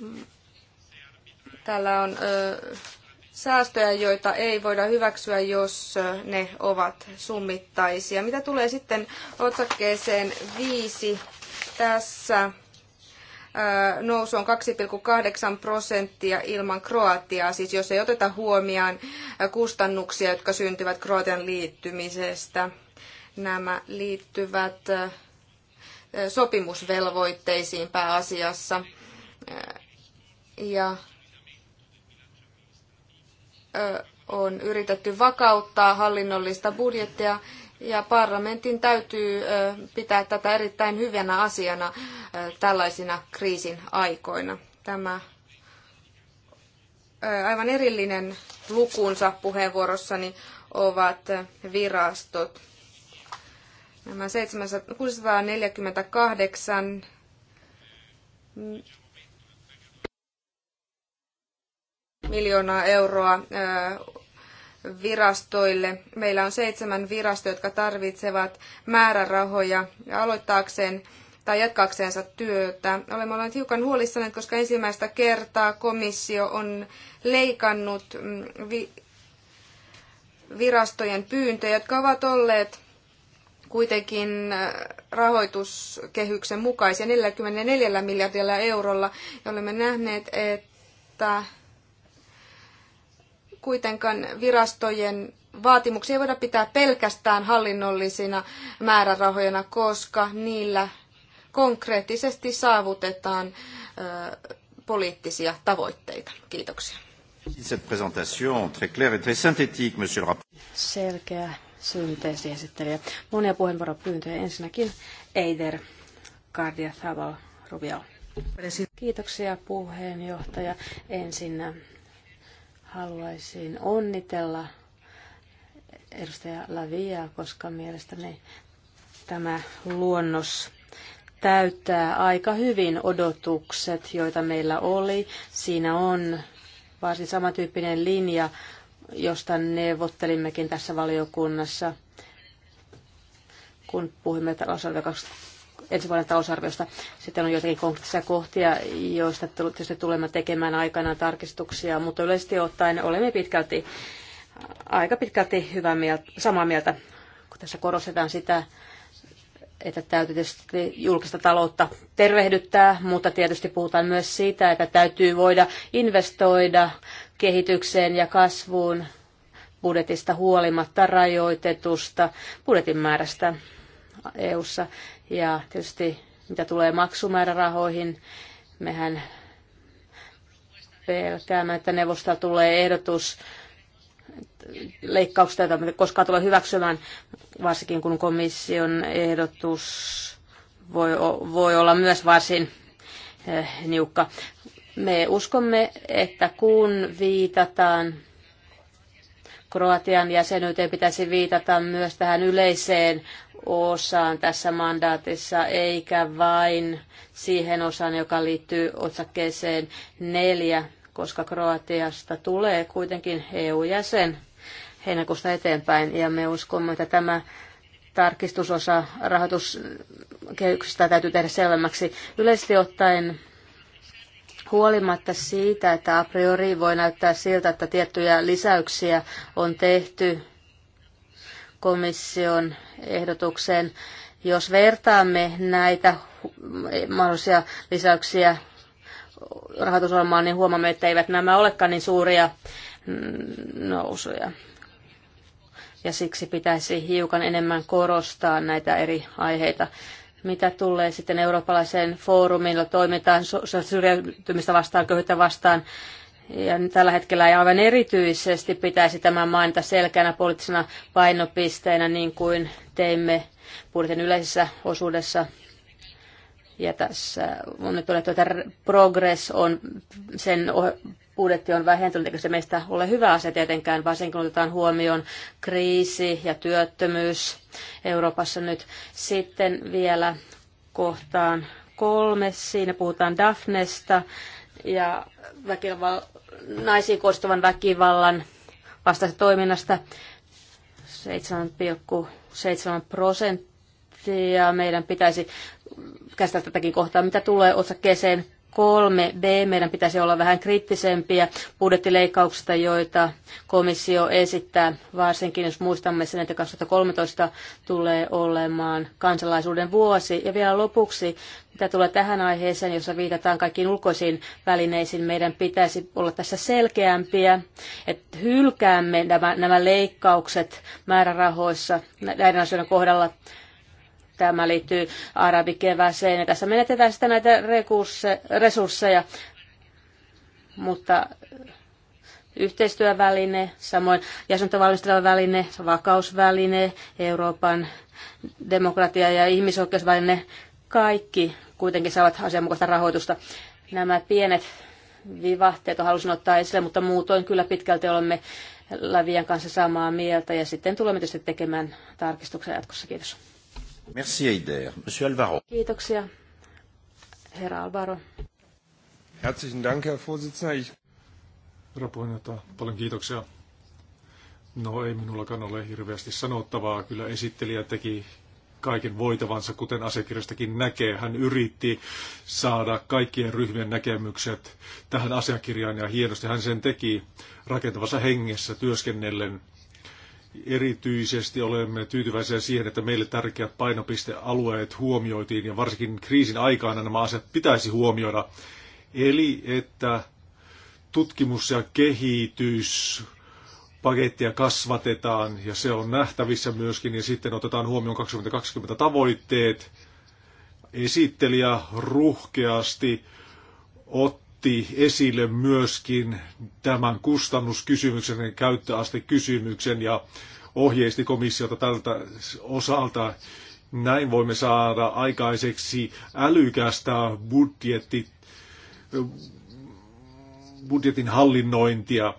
Mm Täällä on säästöjä, joita ei voida hyväksyä, jos ne ovat summittaisia. Mitä tulee sitten otsakkeeseen viisi tässä nousu on 2,8 prosenttia ilman Kroatiaa, siis jos ei oteta huomioon kustannuksia, jotka syntyvät Kroatian liittymisestä. Nämä liittyvät sopimusvelvoitteisiin pääasiassa. Ja on yritetty vakauttaa hallinnollista budjettia ja parlamentin täytyy pitää tätä erittäin hyvänä asiana tällaisina kriisin aikoina. Tämä aivan erillinen lukunsa puheenvuorossani ovat virastot. Nämä 648 miljoonaa euroa virastoille. Meillä on seitsemän virastoa, jotka tarvitsevat määrärahoja aloittaakseen tai jatkaakseensa työtä. Olemme olleet hiukan huolissaneet, koska ensimmäistä kertaa komissio on leikannut mm, virastojen pyyntöjä, jotka ovat olleet kuitenkin rahoituskehyksen mukaisia 44 miljardilla eurolla. Ja olemme nähneet, että kuitenkaan virastojen vaatimuksia ei voida pitää pelkästään hallinnollisina määrärahoina, koska niillä konkreettisesti saavutetaan poliittisia tavoitteita. Kiitoksia. Selkeä synteesi esittelijä. Monia puheenvuoropyyntöjä. Ensinnäkin Eider Cardia Thabal Rubio. Kiitoksia puheenjohtaja. Ensin Haluaisin onnitella edustaja Lavia, koska mielestäni tämä luonnos täyttää aika hyvin odotukset, joita meillä oli. Siinä on varsin samantyyppinen linja, josta neuvottelimmekin tässä valiokunnassa, kun puhuimme talousarvio ensi vuoden talousarviosta. Sitten on joitakin konkreettisia kohtia, joista tietysti tulemme tekemään aikanaan tarkistuksia, mutta yleisesti ottaen olemme pitkälti, aika pitkälti hyvää mieltä, samaa mieltä, kun tässä korostetaan sitä, että täytyy tietysti julkista taloutta tervehdyttää, mutta tietysti puhutaan myös siitä, että täytyy voida investoida kehitykseen ja kasvuun budjetista huolimatta rajoitetusta budjetin määrästä EU:ssa. Ja tietysti mitä tulee maksumäärärahoihin, mehän pelkäämme, että neuvosta tulee ehdotus leikkauksista, joita koskaan tulee hyväksymään, varsinkin kun komission ehdotus voi, voi olla myös varsin eh, niukka. Me uskomme, että kun viitataan Kroatian jäsenyyteen, pitäisi viitata myös tähän yleiseen osaan tässä mandaatissa, eikä vain siihen osaan, joka liittyy otsakkeeseen neljä, koska Kroatiasta tulee kuitenkin EU-jäsen heinäkuusta eteenpäin, ja me uskomme, että tämä tarkistusosa rahoituskehyksestä täytyy tehdä selvemmäksi. Yleisesti ottaen huolimatta siitä, että a priori voi näyttää siltä, että tiettyjä lisäyksiä on tehty komission ehdotukseen. Jos vertaamme näitä mahdollisia lisäyksiä rahoitusohjelmaan, niin huomaamme, että eivät nämä olekaan niin suuria mm, nousuja. Ja siksi pitäisi hiukan enemmän korostaa näitä eri aiheita mitä tulee sitten eurooppalaiseen foorumilla toimitaan syrjäytymistä vastaan, köyhyyttä vastaan, ja tällä hetkellä ja aivan erityisesti pitäisi tämä mainita selkeänä poliittisena painopisteenä, niin kuin teimme budjetin yleisessä osuudessa. Ja tässä on nyt todettu, että progress on, sen budjetti on vähentynyt, eikä se meistä ole hyvä asia tietenkään, varsinkin kun otetaan huomioon kriisi ja työttömyys Euroopassa nyt. Sitten vielä kohtaan kolme, siinä puhutaan Daphnesta ja väkival- naisiin koostuvan väkivallan vastaisesta toiminnasta 7,7 prosenttia. Meidän pitäisi käsitellä tätäkin kohtaa, mitä tulee otsakkeeseen Kolme b meidän pitäisi olla vähän kriittisempiä budjettileikkauksista, joita komissio esittää, varsinkin jos muistamme sen, että 2013 tulee olemaan kansalaisuuden vuosi. Ja vielä lopuksi, mitä tulee tähän aiheeseen, jossa viitataan kaikkiin ulkoisiin välineisiin, meidän pitäisi olla tässä selkeämpiä, että hylkäämme nämä, nämä leikkaukset määrärahoissa näiden asioiden kohdalla Tämä liittyy arabikevääseen ja tässä menetetään sitten näitä resursseja, mutta yhteistyöväline, samoin jäsentövalmisteleva väline, vakausväline, Euroopan demokratia- ja ihmisoikeusväline, kaikki kuitenkin saavat asianmukaista rahoitusta. Nämä pienet vivahteet on halusin ottaa esille, mutta muutoin kyllä pitkälti olemme Lavian kanssa samaa mieltä ja sitten tulemme tietysti tekemään tarkistuksia jatkossa. Kiitos. Merci Eider. Monsieur Alvaro. Kiitoksia, herra Alvaro. Herzlichen Dank, Herr Vorsitzender. Ich... Herra puheenjohtaja, paljon kiitoksia. No ei minullakaan ole hirveästi sanottavaa. Kyllä esittelijä teki kaiken voitavansa, kuten asiakirjastakin näkee. Hän yritti saada kaikkien ryhmien näkemykset tähän asiakirjaan ja hienosti hän sen teki rakentavassa hengessä työskennellen Erityisesti olemme tyytyväisiä siihen, että meille tärkeät painopistealueet huomioitiin ja varsinkin kriisin aikana nämä asiat pitäisi huomioida. Eli että tutkimus ja kehitys pakettia kasvatetaan ja se on nähtävissä myöskin ja sitten otetaan huomioon 2020 tavoitteet. Esittelijä ruhkeasti ottaa otti esille myöskin tämän kustannuskysymyksen ja käyttöastekysymyksen ja ohjeisti komissiota tältä osalta. Näin voimme saada aikaiseksi älykästä budjetti, budjetin hallinnointia.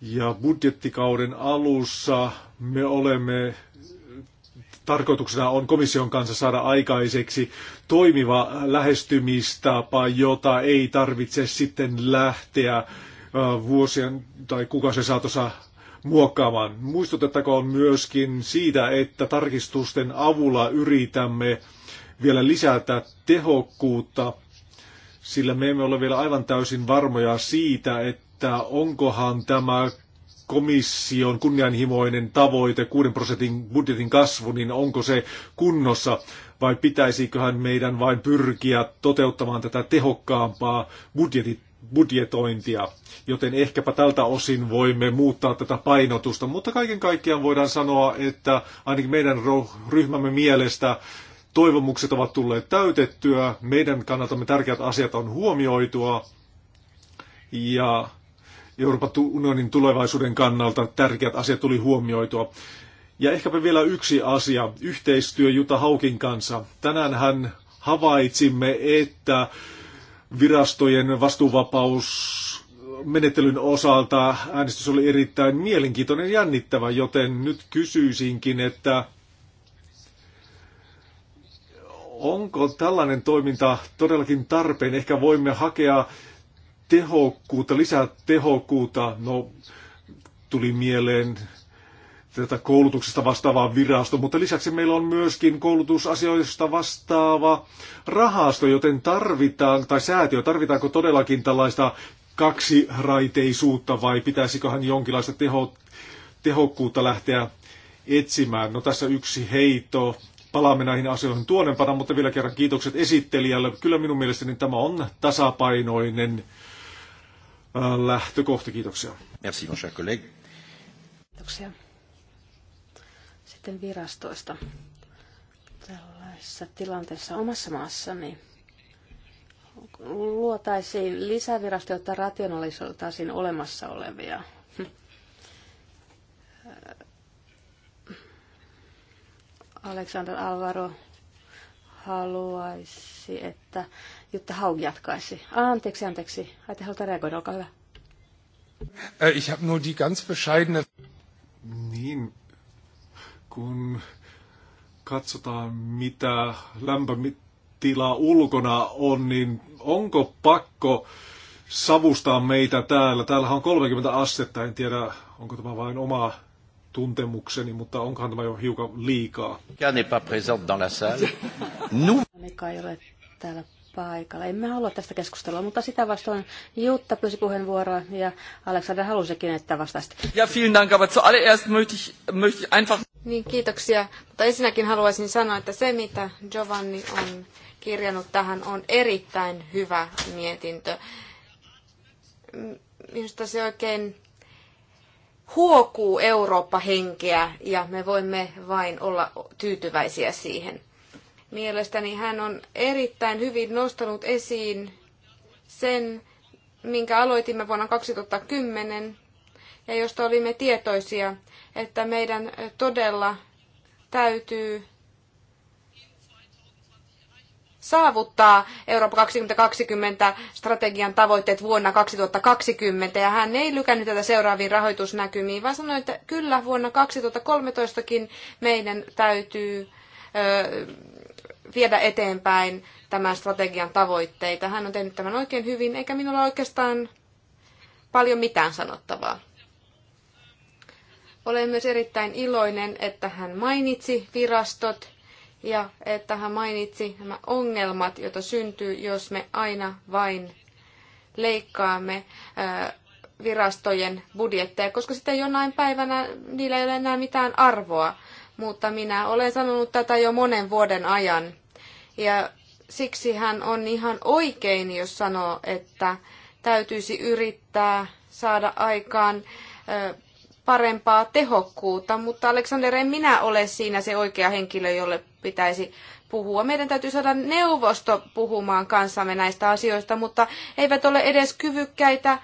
Ja budjettikauden alussa me olemme tarkoituksena on komission kanssa saada aikaiseksi toimiva lähestymistapa, jota ei tarvitse sitten lähteä vuosien tai kuukausien saatossa muokkaamaan. Muistutettakoon myöskin siitä, että tarkistusten avulla yritämme vielä lisätä tehokkuutta, sillä me emme ole vielä aivan täysin varmoja siitä, että onkohan tämä komission kunnianhimoinen tavoite 6 prosentin budjetin kasvu, niin onko se kunnossa vai pitäisiköhän meidän vain pyrkiä toteuttamaan tätä tehokkaampaa budjetit, budjetointia, joten ehkäpä tältä osin voimme muuttaa tätä painotusta, mutta kaiken kaikkiaan voidaan sanoa, että ainakin meidän ryhmämme mielestä toivomukset ovat tulleet täytettyä, meidän kannaltamme tärkeät asiat on huomioitua ja Euroopan unionin tulevaisuuden kannalta tärkeät asiat tuli huomioitua. Ja ehkäpä vielä yksi asia, yhteistyö Juta Haukin kanssa. Tänään hän havaitsimme, että virastojen vastuuvapaus menettelyn osalta äänestys oli erittäin mielenkiintoinen ja jännittävä, joten nyt kysyisinkin, että onko tällainen toiminta todellakin tarpeen? Ehkä voimme hakea tehokkuutta, lisää tehokkuutta, no tuli mieleen tätä koulutuksesta vastaava virasto, mutta lisäksi meillä on myöskin koulutusasioista vastaava rahasto, joten tarvitaan, tai säätiö, tarvitaanko todellakin tällaista kaksiraiteisuutta vai pitäisiköhän jonkinlaista teho, tehokkuutta lähteä etsimään? No tässä yksi heitto. Palaamme näihin asioihin tuonempana, mutta vielä kerran kiitokset esittelijälle. Kyllä minun mielestäni tämä on tasapainoinen Äh, lähtökohta. Kiitoksia. Merci, mon cher collègue. Kiitoksia. Sitten virastoista. Tällaisessa tilanteessa omassa maassani luotaisiin lisävirastoja, jotta rationalisoitaisiin olemassa olevia Alexander Alvaro haluaisi, että jotta Haug jatkaisi. Anteeksi, anteeksi. Ajatte haluta reagoida, olkaa hyvä. Äh, ich habe nur die ganz bescheidene... Niin, kun katsotaan mitä lämpötila ulkona on, niin onko pakko savustaa meitä täällä? Täällähän on 30 astetta, en tiedä onko tämä vain oma tuntemukseni, mutta onkohan tämä jo hiukan liikaa. Mikä ei ole täällä paikalla. Emme halua tästä keskustelua, mutta sitä vastoin Jutta pyysi puheenvuoroa ja Aleksander halusikin, että vastasit. Ja vielen dank, aber zuallererst möchte ich, möchte ich einfach... Niin, kiitoksia. Mutta ensinnäkin haluaisin sanoa, että se mitä Giovanni on kirjannut tähän on erittäin hyvä mietintö. Minusta se oikein huokuu Eurooppa-henkeä ja me voimme vain olla tyytyväisiä siihen. Mielestäni hän on erittäin hyvin nostanut esiin sen, minkä aloitimme vuonna 2010 ja josta olimme tietoisia, että meidän todella täytyy saavuttaa Eurooppa 2020 strategian tavoitteet vuonna 2020. Ja hän ei lykännyt tätä seuraaviin rahoitusnäkymiin, vaan sanoi, että kyllä vuonna 2013kin meidän täytyy ö, viedä eteenpäin tämän strategian tavoitteita. Hän on tehnyt tämän oikein hyvin, eikä minulla oikeastaan paljon mitään sanottavaa. Olen myös erittäin iloinen, että hän mainitsi virastot ja että hän mainitsi nämä ongelmat, joita syntyy, jos me aina vain leikkaamme virastojen budjetteja, koska sitten jonain päivänä niillä ei ole enää mitään arvoa mutta minä olen sanonut tätä jo monen vuoden ajan. Ja siksi hän on ihan oikein, jos sanoo, että täytyisi yrittää saada aikaan parempaa tehokkuutta, mutta Aleksander, en minä ole siinä se oikea henkilö, jolle pitäisi puhua. Meidän täytyy saada neuvosto puhumaan kanssamme näistä asioista, mutta eivät ole edes kyvykkäitä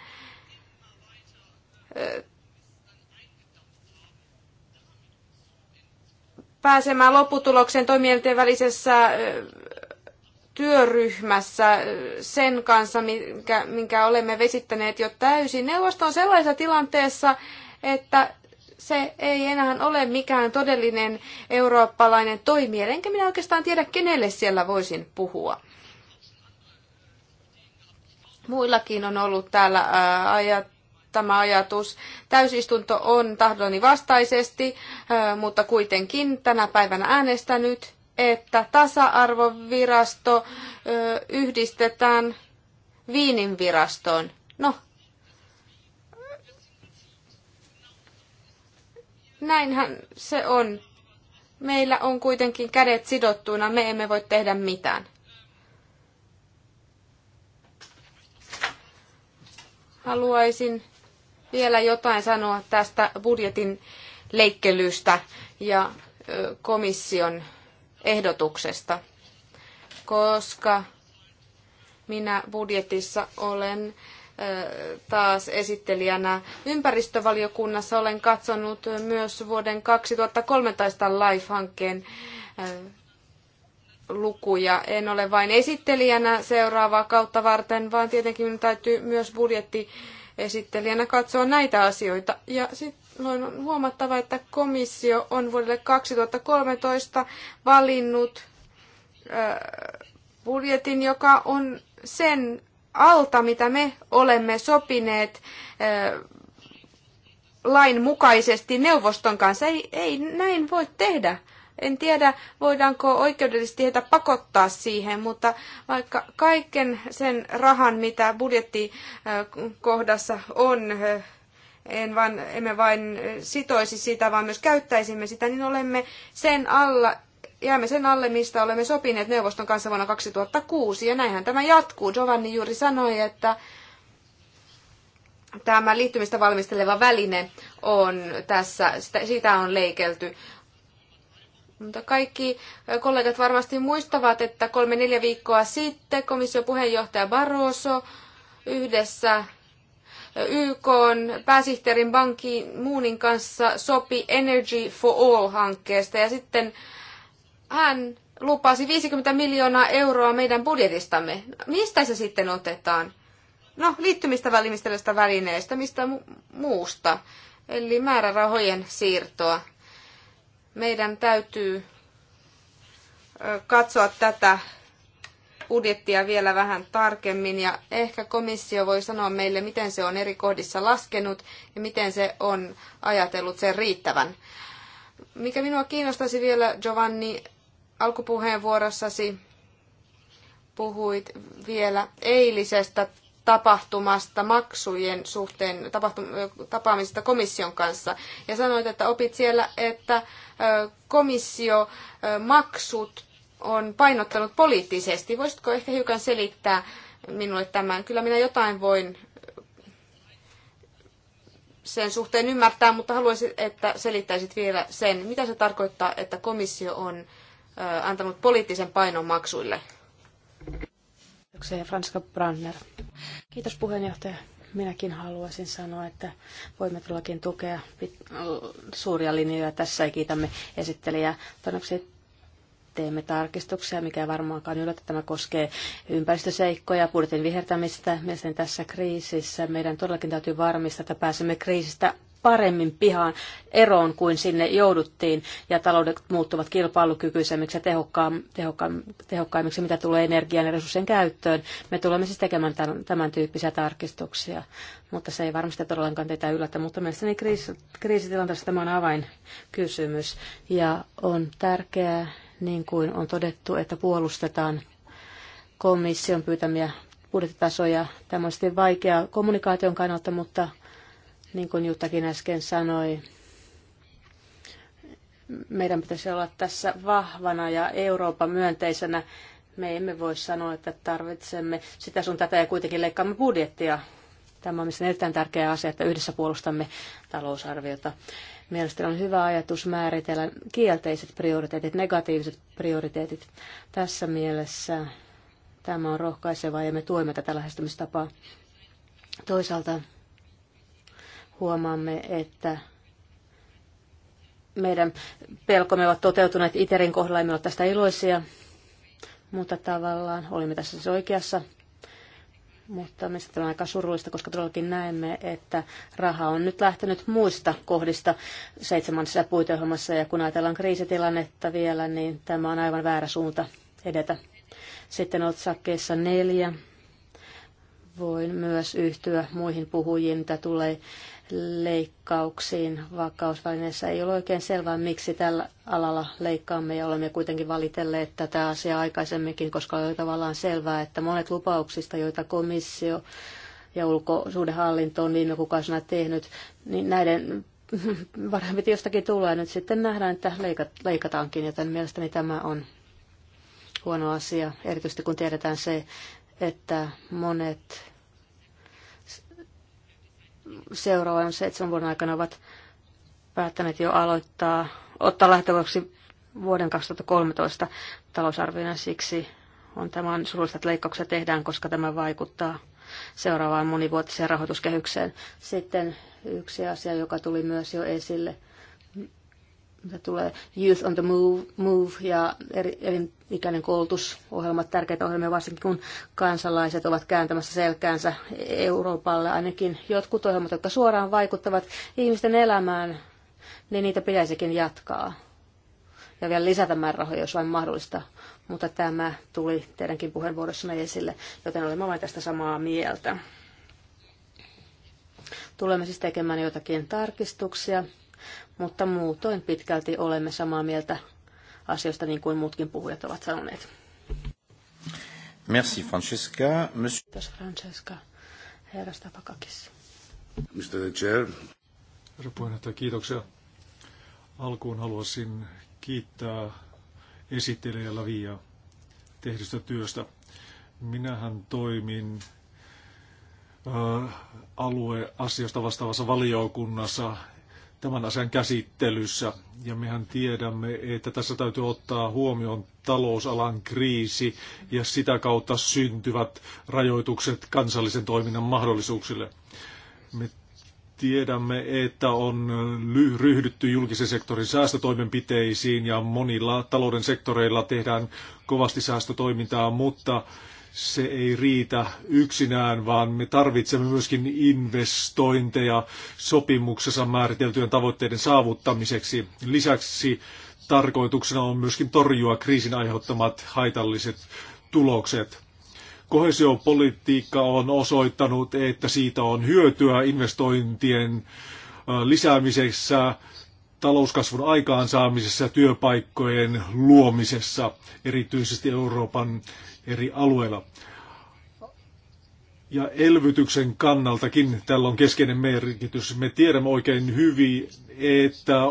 pääsemään lopputulokseen toimielinten välisessä työryhmässä sen kanssa, minkä, minkä olemme vesittäneet jo täysin. Neuvosto on sellaisessa tilanteessa, että se ei enää ole mikään todellinen eurooppalainen toimija, enkä minä oikeastaan tiedä, kenelle siellä voisin puhua. Muillakin on ollut täällä ajat, tämä ajatus. Täysistunto on tahdoni vastaisesti, mutta kuitenkin tänä päivänä äänestänyt, että tasa-arvovirasto yhdistetään Viinin virastoon. No, näinhän se on. Meillä on kuitenkin kädet sidottuina, me emme voi tehdä mitään. Haluaisin vielä jotain sanoa tästä budjetin leikkelystä ja komission ehdotuksesta, koska minä budjetissa olen taas esittelijänä ympäristövaliokunnassa. Olen katsonut myös vuoden 2013 LIFE-hankkeen lukuja. En ole vain esittelijänä seuraavaa kautta varten, vaan tietenkin minun täytyy myös budjetti esittelijänä katsoa näitä asioita. Ja sitten on huomattava, että komissio on vuodelle 2013 valinnut budjetin, joka on sen alta, mitä me olemme sopineet lain mukaisesti neuvoston kanssa. Ei, ei näin voi tehdä. En tiedä, voidaanko oikeudellisesti heitä pakottaa siihen, mutta vaikka kaiken sen rahan, mitä budjettikohdassa on, en vain, emme vain sitoisi sitä, vaan myös käyttäisimme sitä, niin olemme sen alla, jäämme sen alle, mistä olemme sopineet neuvoston kanssa vuonna 2006. Ja näinhän tämä jatkuu. Giovanni juuri sanoi, että tämä liittymistä valmisteleva väline on tässä, sitä, sitä on leikelty. Mutta kaikki kollegat varmasti muistavat, että kolme-neljä viikkoa sitten komission puheenjohtaja Barroso yhdessä YK pääsihteerin Banki Moonin kanssa sopi Energy for All-hankkeesta ja sitten hän lupasi 50 miljoonaa euroa meidän budjetistamme. Mistä se sitten otetaan? No, liittymistä välimistä välineistä, mistä mu- muusta. Eli määrärahojen siirtoa. Meidän täytyy katsoa tätä budjettia vielä vähän tarkemmin ja ehkä komissio voi sanoa meille, miten se on eri kohdissa laskenut ja miten se on ajatellut sen riittävän. Mikä minua kiinnostaisi vielä, Giovanni, alkupuheenvuorossasi puhuit vielä eilisestä tapahtumasta maksujen suhteen, tapahtum, tapaamisesta komission kanssa. Ja sanoit, että opit siellä, että komissio maksut on painottanut poliittisesti. Voisitko ehkä hiukan selittää minulle tämän? Kyllä minä jotain voin sen suhteen ymmärtää, mutta haluaisin, että selittäisit vielä sen, mitä se tarkoittaa, että komissio on antanut poliittisen painon maksuille. Kiitoksia ja Franska Branner. Kiitos puheenjohtaja. Minäkin haluaisin sanoa, että voimme todellakin tukea suuria linjoja tässä ja kiitämme esittelijää. Todennäköisesti teemme tarkistuksia, mikä varmaankaan yllätä tämä koskee ympäristöseikkoja, budjetin vihertämistä. Mielestäni tässä kriisissä meidän todellakin täytyy varmistaa, että pääsemme kriisistä paremmin pihaan eroon kuin sinne jouduttiin ja taloudet muuttuvat kilpailukykyisemmiksi ja tehokkaimmiksi, mitä tulee energian ja resurssien käyttöön. Me tulemme siis tekemään tämän, tämän tyyppisiä tarkistuksia, mutta se ei varmasti todellakaan teitä yllätä, mutta mielestäni kriis, kriisitilanteessa tämä on avainkysymys ja on tärkeää, niin kuin on todettu, että puolustetaan komission pyytämiä budjettitasoja. Tämä on vaikea kommunikaation kannalta, mutta niin kuin Juttakin äsken sanoi, meidän pitäisi olla tässä vahvana ja Euroopan myönteisenä. Me emme voi sanoa, että tarvitsemme sitä sun tätä ja kuitenkin leikkaamme budjettia. Tämä on mielestäni erittäin tärkeä asia, että yhdessä puolustamme talousarviota. Mielestäni on hyvä ajatus määritellä kielteiset prioriteetit, negatiiviset prioriteetit. Tässä mielessä tämä on rohkaisevaa ja me tuemme tätä lähestymistapaa. Toisaalta huomaamme, että meidän pelkomme ovat toteutuneet ITERin kohdalla, emme ole tästä iloisia, mutta tavallaan olimme tässä siis oikeassa. Mutta mistä tämä on aika surullista, koska todellakin näemme, että raha on nyt lähtenyt muista kohdista seitsemännessä puiteohjelmassa, ja kun ajatellaan kriisitilannetta vielä, niin tämä on aivan väärä suunta edetä. Sitten otsakkeessa neljä. Voin myös yhtyä muihin puhujiin, mitä tulee leikkauksiin vakausvälineessä. Ei ole oikein selvää, miksi tällä alalla leikkaamme ja olemme kuitenkin valitelleet tätä asiaa aikaisemminkin, koska oli tavallaan selvää, että monet lupauksista, joita komissio ja ulkosuhdehallinto on viime kuukausina tehnyt, niin näiden varmasti jostakin tulee. Nyt sitten nähdään, että leikataankin, joten mielestäni tämä on huono asia, erityisesti kun tiedetään se, että monet seuraavan seitsemän vuoden aikana ovat päättäneet jo aloittaa, ottaa lähtövuoksi vuoden 2013 talousarviona. Siksi on tämän surullista, että leikkauksia tehdään, koska tämä vaikuttaa seuraavaan monivuotiseen rahoituskehykseen. Sitten yksi asia, joka tuli myös jo esille – mitä tulee Youth on the Move, move ja eri, elinikäinen koulutusohjelmat, tärkeitä ohjelmia varsinkin kun kansalaiset ovat kääntämässä selkäänsä Euroopalle. Ainakin jotkut ohjelmat, jotka suoraan vaikuttavat ihmisten elämään, niin niitä pitäisikin jatkaa. Ja vielä lisätä määrärahoja, jos vain mahdollista. Mutta tämä tuli teidänkin puheenvuorossanne esille, joten olemme vain tästä samaa mieltä. Tulemme siis tekemään jotakin tarkistuksia mutta muutoin pitkälti olemme samaa mieltä asioista niin kuin muutkin puhujat ovat sanoneet. Merci Francesca. Monsieur... Kiitos Francesca. Herra Stapakakis. Mr. Chair. Herra puheenjohtaja, kiitoksia. Alkuun haluaisin kiittää esittelijä Lavia tehdystä työstä. Minähän toimin äh, alueasioista vastaavassa valiokunnassa tämän asian käsittelyssä. Ja mehän tiedämme, että tässä täytyy ottaa huomioon talousalan kriisi ja sitä kautta syntyvät rajoitukset kansallisen toiminnan mahdollisuuksille. Me tiedämme, että on ryhdytty julkisen sektorin säästötoimenpiteisiin ja monilla talouden sektoreilla tehdään kovasti säästötoimintaa, mutta se ei riitä yksinään, vaan me tarvitsemme myöskin investointeja sopimuksessa määriteltyjen tavoitteiden saavuttamiseksi. Lisäksi tarkoituksena on myöskin torjua kriisin aiheuttamat haitalliset tulokset. Kohesiopolitiikka on osoittanut, että siitä on hyötyä investointien lisäämisessä, talouskasvun aikaansaamisessa, työpaikkojen luomisessa, erityisesti Euroopan eri alueilla. Ja elvytyksen kannaltakin tällä on keskeinen merkitys. Me tiedämme oikein hyvin, että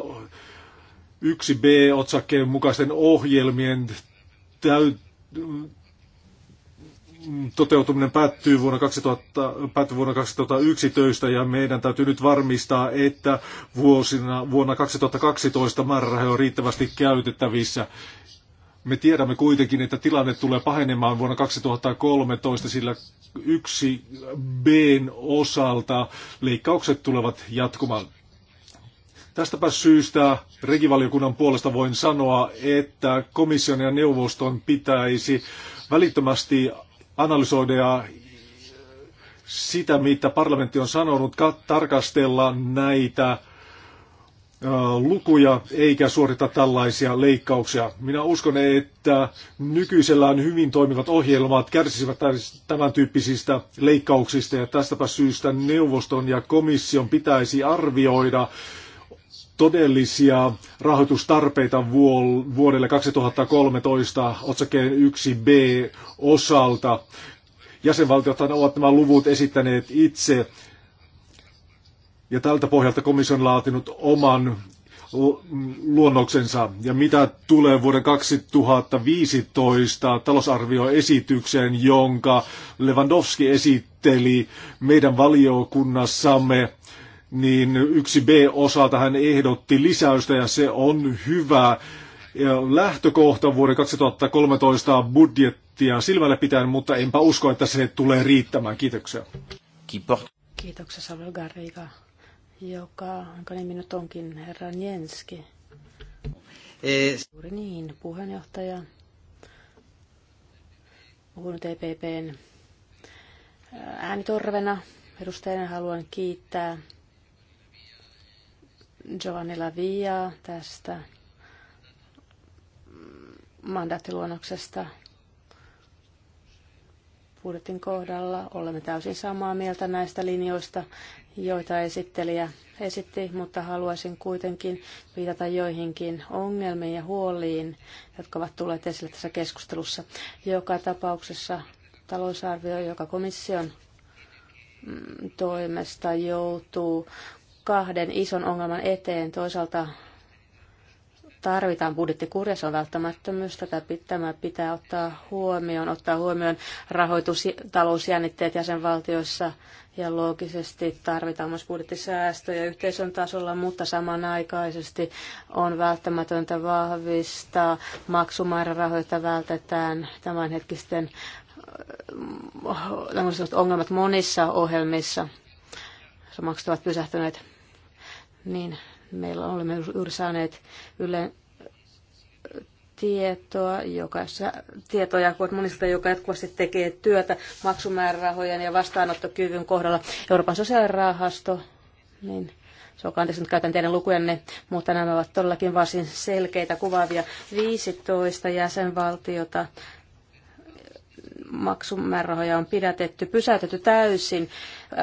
yksi B-otsakkeen mukaisten ohjelmien täyt, toteutuminen päättyy vuonna, 2000, päättyy vuonna 2011 ja meidän täytyy nyt varmistaa, että vuosina, vuonna 2012 määrärahoja on riittävästi käytettävissä me tiedämme kuitenkin, että tilanne tulee pahenemaan vuonna 2013, sillä yksi b osalta leikkaukset tulevat jatkumaan. Tästäpä syystä regivaliokunnan puolesta voin sanoa, että komission ja neuvoston pitäisi välittömästi analysoida ja sitä, mitä parlamentti on sanonut, tarkastella näitä lukuja eikä suorita tällaisia leikkauksia. Minä uskon, että nykyisellään hyvin toimivat ohjelmat kärsisivät tämän tyyppisistä leikkauksista ja tästäpä syystä neuvoston ja komission pitäisi arvioida todellisia rahoitustarpeita vuodelle 2013 otsakkeen 1b osalta. Jäsenvaltiothan ovat nämä luvut esittäneet itse ja tältä pohjalta komissio on laatinut oman luonnoksensa. Ja mitä tulee vuoden 2015 talousarvioesitykseen, jonka Lewandowski esitteli meidän valiokunnassamme, niin yksi B-osa tähän ehdotti lisäystä ja se on hyvä ja lähtökohta vuoden 2013 budjettia silmällä pitäen, mutta enpä usko, että se tulee riittämään. Kiitoksia. Kiitoksia, Samuel joka, jonka nimi nyt onkin herra Jenski. Eh, Juuri niin, puheenjohtaja. Puhunut EPPn äänitorvena. Edustajana haluan kiittää Giovanni Lavia tästä mm, mandaattiluonnoksesta budjetin kohdalla. Olemme täysin samaa mieltä näistä linjoista, joita esittelijä esitti, mutta haluaisin kuitenkin viitata joihinkin ongelmiin ja huoliin, jotka ovat tulleet esille tässä keskustelussa. Joka tapauksessa talousarvio, joka komission mm, toimesta joutuu kahden ison ongelman eteen. Toisaalta tarvitaan budjettikuria, se on välttämättömyys. Tätä pitää, pitää ottaa huomioon, ottaa huomioon rahoitus- ja talousjännitteet jäsenvaltioissa ja loogisesti tarvitaan myös budjettisäästöjä yhteisön tasolla, mutta samanaikaisesti on välttämätöntä vahvistaa maksumäärärahoja, joita vältetään tämänhetkisten äh, ongelmat monissa ohjelmissa. Maksut ovat pysähtyneet niin Meillä olemme juuri saaneet Ylen äh, tietoa, joka, tietoja monista, joka jatkuvasti tekee työtä maksumäärärahojen ja vastaanottokyvyn kohdalla. Euroopan sosiaalirahasto, niin se on anteeksi, nyt käytän teidän lukujenne, mutta nämä ovat todellakin varsin selkeitä, kuvaavia. 15 jäsenvaltiota maksumäärärahoja on pidätetty, pysäytetty täysin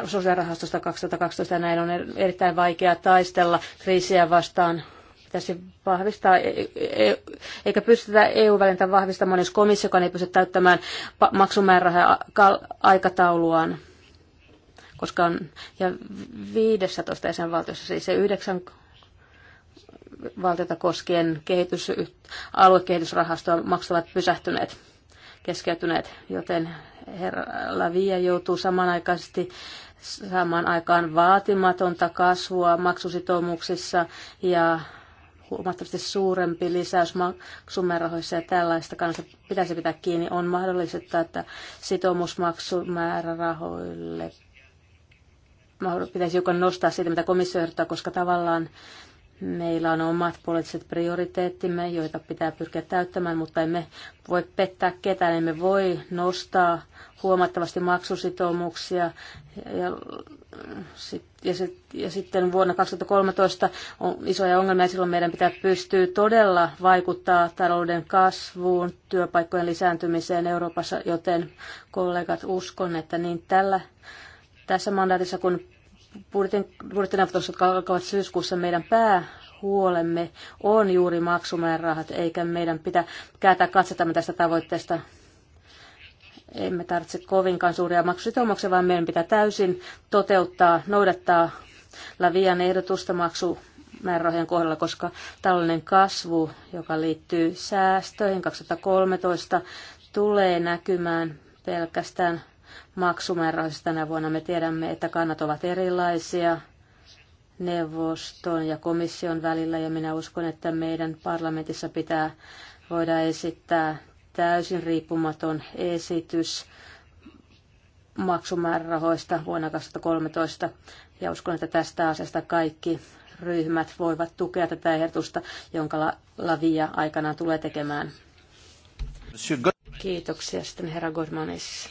sosiaalirahastosta 2012 ja näin on er- erittäin vaikea taistella kriisiä vastaan pitäisi vahvistaa, e- e- e- eikä pystytä EU-välintä vahvistamaan, jos komissio ei pysty täyttämään maksumäärärahoja aikatauluaan koska on, ja 15 jäsenvaltiossa, siis se yhdeksän valtiota koskien kehitys, aluekehitysrahastoa maksavat pysähtyneet keskeytyneet, joten herra Lavia joutuu samanaikaisesti saamaan aikaan vaatimatonta kasvua maksusitoumuksissa ja huomattavasti suurempi lisäys maksumäärärahoissa ja tällaista kanssa pitäisi pitää kiinni. On mahdollista, että sitoumusmaksumäärärahoille pitäisi joku nostaa siitä, mitä komissio ehdottaa, koska tavallaan Meillä on omat poliittiset prioriteettimme, joita pitää pyrkiä täyttämään, mutta emme voi pettää ketään. Emme voi nostaa huomattavasti maksusitoumuksia. Ja, sit, ja, sit, ja sitten vuonna 2013 on isoja ongelmia ja silloin meidän pitää pystyä todella vaikuttaa talouden kasvuun, työpaikkojen lisääntymiseen Euroopassa, joten kollegat uskon, että niin tällä tässä mandaatissa kuin budjettineuvottelut, jotka alkavat syyskuussa, meidän päähuolemme on juuri maksumäärärahat, eikä meidän pitää kääntää katsetamme tästä tavoitteesta. Emme tarvitse kovinkaan suuria maksusitoumuksia, vaan meidän pitää täysin toteuttaa, noudattaa Lavian ehdotusta maksu määrärahojen kohdalla, koska taloudellinen kasvu, joka liittyy säästöihin 2013, tulee näkymään pelkästään maksumäärärahoista tänä vuonna. Me tiedämme, että kannat ovat erilaisia neuvoston ja komission välillä ja minä uskon, että meidän parlamentissa pitää voida esittää täysin riippumaton esitys maksumäärärahoista vuonna 2013 ja uskon, että tästä asiasta kaikki ryhmät voivat tukea tätä ehdotusta, jonka Lavia aikanaan tulee tekemään. Kiitoksia sitten herra Gormanis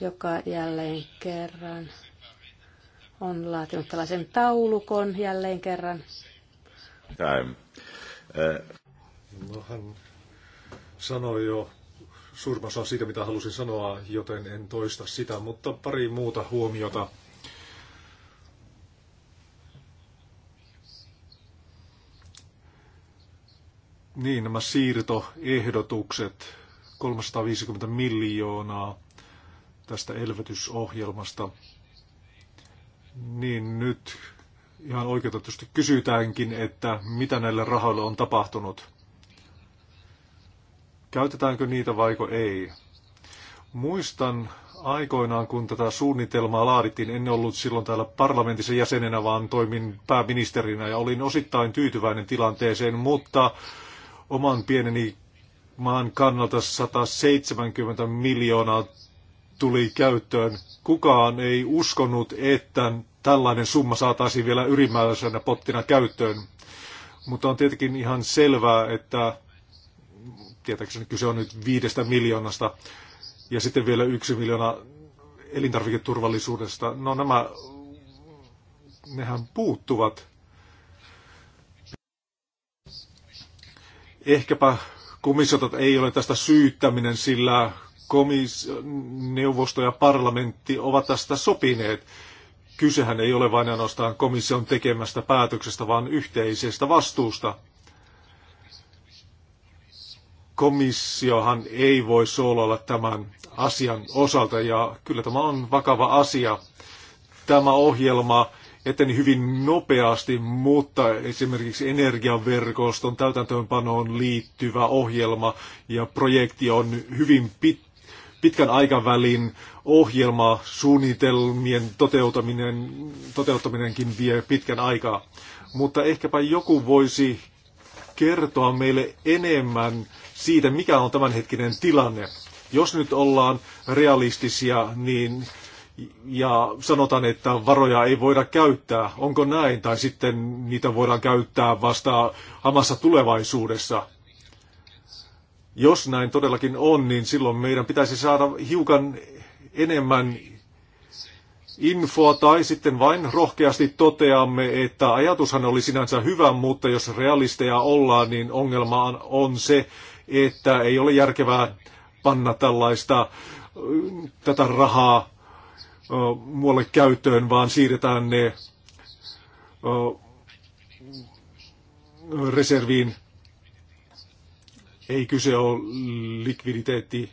joka jälleen kerran on laatinut tällaisen taulukon jälleen kerran. Time. No, hän sanoi jo suurimman osan siitä, mitä halusin sanoa, joten en toista sitä, mutta pari muuta huomiota. Niin, nämä siirtoehdotukset, 350 miljoonaa tästä elvytysohjelmasta. Niin nyt ihan oikeutetusti kysytäänkin, että mitä näille rahoille on tapahtunut. Käytetäänkö niitä vaiko ei? Muistan aikoinaan, kun tätä suunnitelmaa laadittiin, en ollut silloin täällä parlamentissa jäsenenä, vaan toimin pääministerinä ja olin osittain tyytyväinen tilanteeseen, mutta oman pieneni maan kannalta 170 miljoonaa tuli käyttöön. Kukaan ei uskonut, että tällainen summa saataisiin vielä ylimääräisenä pottina käyttöön. Mutta on tietenkin ihan selvää, että tietääkseni kyse on nyt viidestä miljoonasta ja sitten vielä yksi miljoona elintarviketurvallisuudesta. No nämä, nehän puuttuvat. Ehkäpä komissiota ei ole tästä syyttäminen, sillä komis, neuvosto ja parlamentti ovat tästä sopineet. Kysehän ei ole vain ainoastaan komission tekemästä päätöksestä, vaan yhteisestä vastuusta. Komissiohan ei voi soololla tämän asian osalta ja kyllä tämä on vakava asia. Tämä ohjelma eteni hyvin nopeasti, mutta esimerkiksi energiaverkoston täytäntöönpanoon liittyvä ohjelma ja projekti on hyvin pitkä pitkän aikavälin ohjelma, suunnitelmien toteutaminen, toteuttaminenkin vie pitkän aikaa. Mutta ehkäpä joku voisi kertoa meille enemmän siitä, mikä on tämänhetkinen tilanne. Jos nyt ollaan realistisia, niin ja sanotaan, että varoja ei voida käyttää. Onko näin? Tai sitten niitä voidaan käyttää vasta hamassa tulevaisuudessa. Jos näin todellakin on, niin silloin meidän pitäisi saada hiukan enemmän infoa tai sitten vain rohkeasti toteamme, että ajatushan oli sinänsä hyvä, mutta jos realisteja ollaan, niin ongelma on se, että ei ole järkevää panna tällaista tätä rahaa muualle käyttöön, vaan siirretään ne reserviin ei kyse ole likviditeetti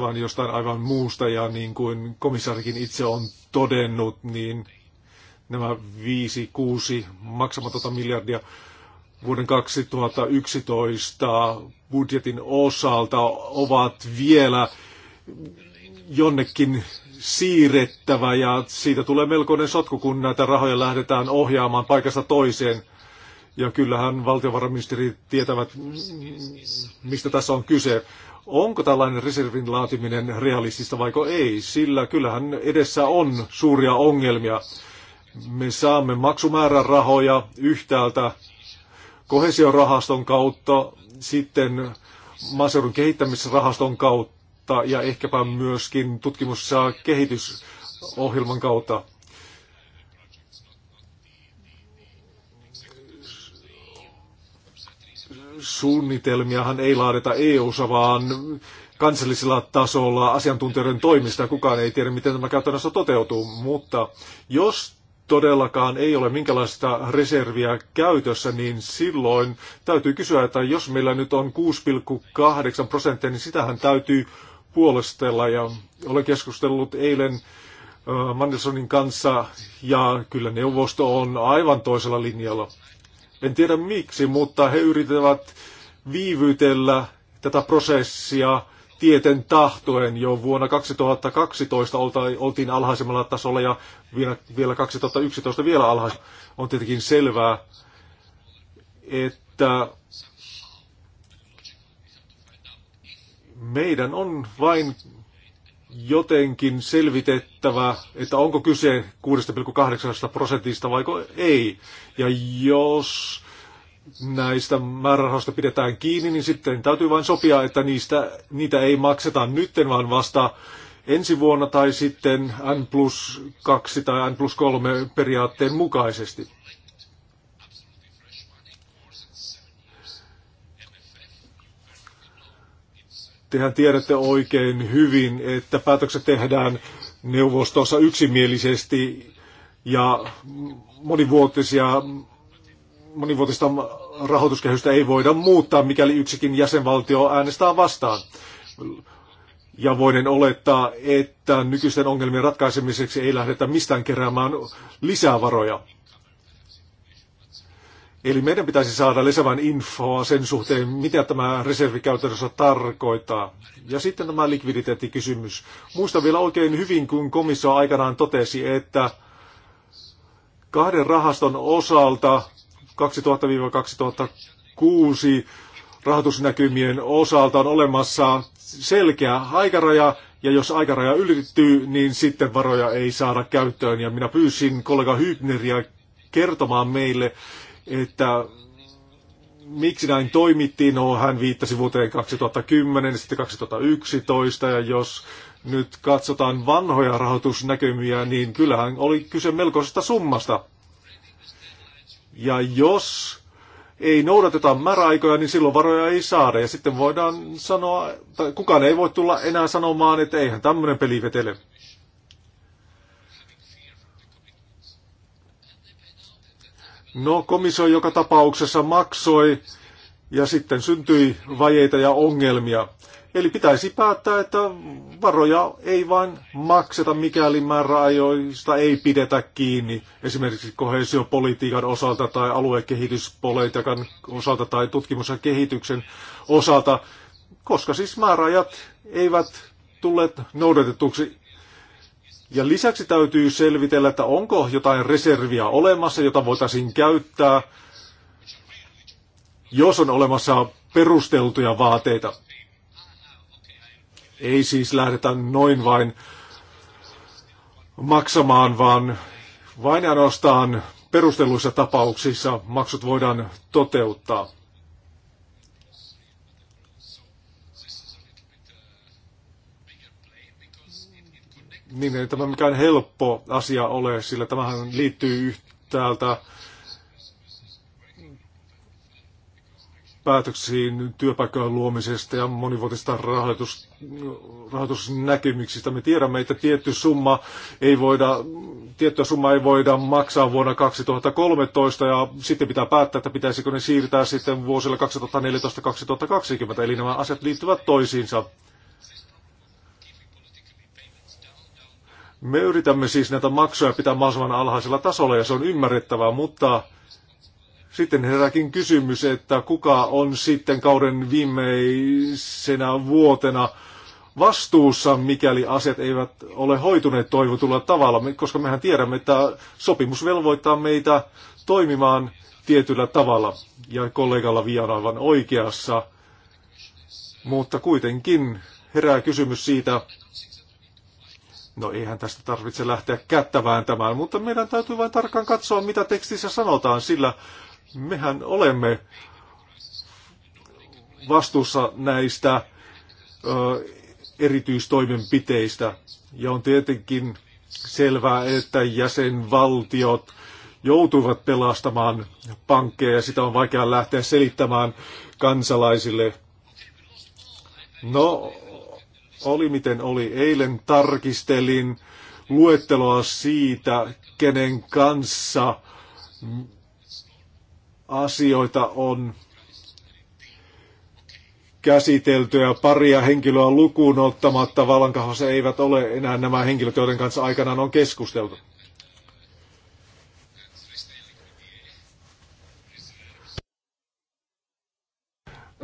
vaan jostain aivan muusta. Ja niin kuin komissaarikin itse on todennut, niin nämä viisi, kuusi maksamatonta miljardia vuoden 2011 budjetin osalta ovat vielä jonnekin siirrettävä ja siitä tulee melkoinen sotku, kun näitä rahoja lähdetään ohjaamaan paikasta toiseen. Ja kyllähän valtiovarainministeri tietävät, mistä tässä on kyse. Onko tällainen reservin laatiminen realistista vai ei? Sillä kyllähän edessä on suuria ongelmia. Me saamme maksumäärärahoja yhtäältä kohesiorahaston kautta, sitten maaseudun kehittämisrahaston kautta ja ehkäpä myöskin tutkimus- ja kehitysohjelman kautta. suunnitelmiahan ei laadita EU-ssa, vaan kansallisella tasolla asiantuntijoiden toimista. Kukaan ei tiedä, miten tämä käytännössä toteutuu, mutta jos todellakaan ei ole minkälaista reserviä käytössä, niin silloin täytyy kysyä, että jos meillä nyt on 6,8 prosenttia, niin sitähän täytyy puolustella Ja olen keskustellut eilen äh, Mandelsonin kanssa ja kyllä neuvosto on aivan toisella linjalla. En tiedä miksi, mutta he yrittävät viivytellä tätä prosessia tieten tahtoen jo vuonna 2012 oltiin alhaisemmalla tasolla ja vielä 2011 vielä alhaisemmalla. On tietenkin selvää, että meidän on vain jotenkin selvitettävä, että onko kyse 6,8 prosentista vai ei. Ja jos näistä määrärahoista pidetään kiinni, niin sitten täytyy vain sopia, että niistä, niitä ei makseta nytten, vaan vasta ensi vuonna tai sitten N plus 2 tai N plus 3 periaatteen mukaisesti. tehän tiedätte oikein hyvin, että päätökset tehdään neuvostossa yksimielisesti ja monivuotisia, monivuotista rahoituskehystä ei voida muuttaa, mikäli yksikin jäsenvaltio äänestää vastaan. Ja voiden olettaa, että nykyisten ongelmien ratkaisemiseksi ei lähdetä mistään keräämään lisää varoja. Eli meidän pitäisi saada lisävän infoa sen suhteen, mitä tämä reservi käytännössä tarkoittaa. Ja sitten tämä likviditeettikysymys. Muistan vielä oikein hyvin, kun komissio aikanaan totesi, että kahden rahaston osalta 2000-2006 rahoitusnäkymien osalta on olemassa selkeä aikaraja, ja jos aikaraja ylittyy, niin sitten varoja ei saada käyttöön. Ja minä pyysin kollega Hybneriä kertomaan meille, että miksi näin toimittiin. No hän viittasi vuoteen 2010 ja sitten 2011 ja jos nyt katsotaan vanhoja rahoitusnäkymiä, niin kyllähän oli kyse melkoisesta summasta. Ja jos ei noudateta määräaikoja, niin silloin varoja ei saada. Ja sitten voidaan sanoa, tai kukaan ei voi tulla enää sanomaan, että eihän tämmöinen peli vetele. No, komissio joka tapauksessa maksoi ja sitten syntyi vajeita ja ongelmia. Eli pitäisi päättää, että varoja ei vain makseta, mikäli määräajoista ei pidetä kiinni. Esimerkiksi kohesiopolitiikan osalta tai aluekehityspolitiikan osalta tai tutkimus- ja kehityksen osalta, koska siis määräajat eivät tulleet noudatetuksi. Ja lisäksi täytyy selvitellä, että onko jotain reserviä olemassa, jota voitaisiin käyttää, jos on olemassa perusteltuja vaateita. Ei siis lähdetä noin vain maksamaan, vaan vain ainoastaan perustelluissa tapauksissa maksut voidaan toteuttaa. niin ei tämä mikään helppo asia ole, sillä tämähän liittyy yhtäältä päätöksiin työpaikkojen luomisesta ja monivuotisista rahoitus, rahoitusnäkymyksistä. Me tiedämme, että tietty summa ei voida, tiettyä summa ei voida maksaa vuonna 2013 ja sitten pitää päättää, että pitäisikö ne siirtää sitten vuosille 2014-2020, eli nämä asiat liittyvät toisiinsa. Me yritämme siis näitä maksuja pitää mahdollisimman alhaisella tasolla ja se on ymmärrettävää, mutta sitten herääkin kysymys, että kuka on sitten kauden viimeisenä vuotena vastuussa, mikäli asiat eivät ole hoituneet toivotulla tavalla, koska mehän tiedämme, että sopimus velvoittaa meitä toimimaan tietyllä tavalla. Ja kollegalla Vian aivan oikeassa. Mutta kuitenkin herää kysymys siitä, No eihän tästä tarvitse lähteä kättä tämän, mutta meidän täytyy vain tarkkaan katsoa, mitä tekstissä sanotaan, sillä mehän olemme vastuussa näistä ö, erityistoimenpiteistä. Ja on tietenkin selvää, että jäsenvaltiot joutuvat pelastamaan pankkeja ja sitä on vaikea lähteä selittämään kansalaisille. No, oli miten oli. Eilen tarkistelin luetteloa siitä, kenen kanssa asioita on ja paria henkilöä lukuun ottamatta vallankahossa eivät ole enää nämä henkilöt, joiden kanssa aikanaan on keskusteltu.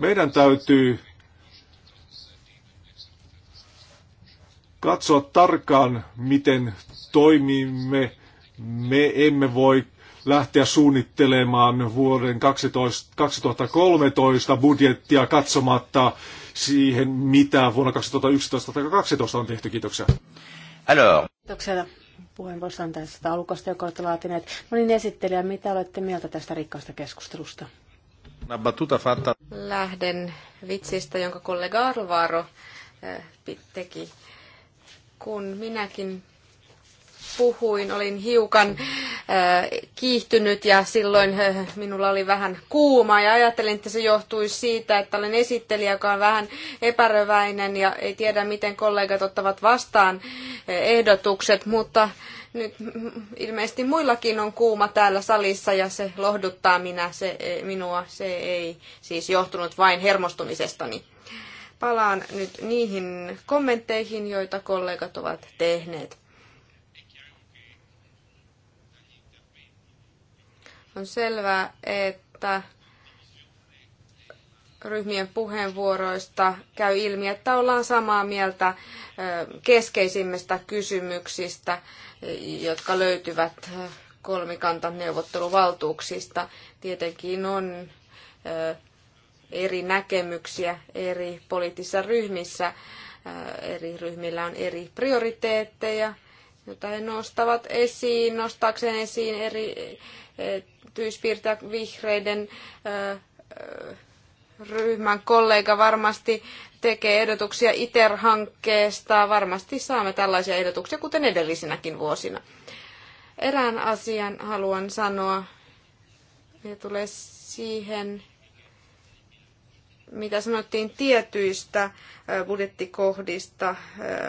Meidän täytyy katsoa tarkkaan, miten toimimme. Me emme voi lähteä suunnittelemaan vuoden 12, 2013 budjettia katsomatta siihen, mitä vuonna 2011 tai 2012 on tehty. Kiitoksia. Hello. Kiitoksia puheenvuorostaan tästä alukasta, joka olette laatineet. No niin, esittelijä, mitä olette mieltä tästä rikkaasta keskustelusta? Lähden vitsistä, jonka kollega Arvaro eh, teki kun minäkin puhuin, olin hiukan äh, kiihtynyt ja silloin äh, minulla oli vähän kuuma ja ajattelin, että se johtuisi siitä, että olen esittelijä, joka on vähän epäröväinen ja ei tiedä, miten kollegat ottavat vastaan äh, ehdotukset, mutta nyt ilmeisesti muillakin on kuuma täällä salissa ja se lohduttaa minä, se, e, minua. Se ei siis johtunut vain hermostumisestani. Palaan nyt niihin kommentteihin, joita kollegat ovat tehneet. On selvää, että ryhmien puheenvuoroista käy ilmi, että ollaan samaa mieltä keskeisimmistä kysymyksistä, jotka löytyvät kolmikantaneuvotteluvaltuuksista. Tietenkin on eri näkemyksiä eri poliittisissa ryhmissä. Äh, eri ryhmillä on eri prioriteetteja, joita he nostavat esiin, nostaakseen esiin eri tyyspiirteitä vihreiden äh, ryhmän kollega varmasti tekee ehdotuksia ITER-hankkeesta. Varmasti saamme tällaisia ehdotuksia, kuten edellisinäkin vuosina. Erään asian haluan sanoa, ja tulee siihen mitä sanottiin tietyistä budjettikohdista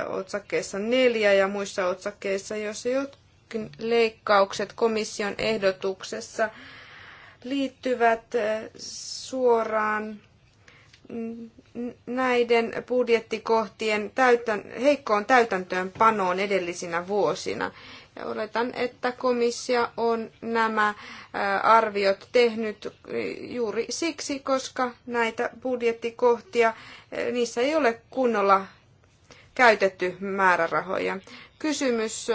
otsakkeessa neljä ja muissa otsakkeissa, joissa jotkin leikkaukset komission ehdotuksessa liittyvät suoraan näiden budjettikohtien täytän, heikkoon täytäntöönpanoon edellisinä vuosina. Oletan, että komissio on nämä arviot tehnyt juuri siksi, koska näitä budjettikohtia, niissä ei ole kunnolla käytetty määrärahoja. Kysymys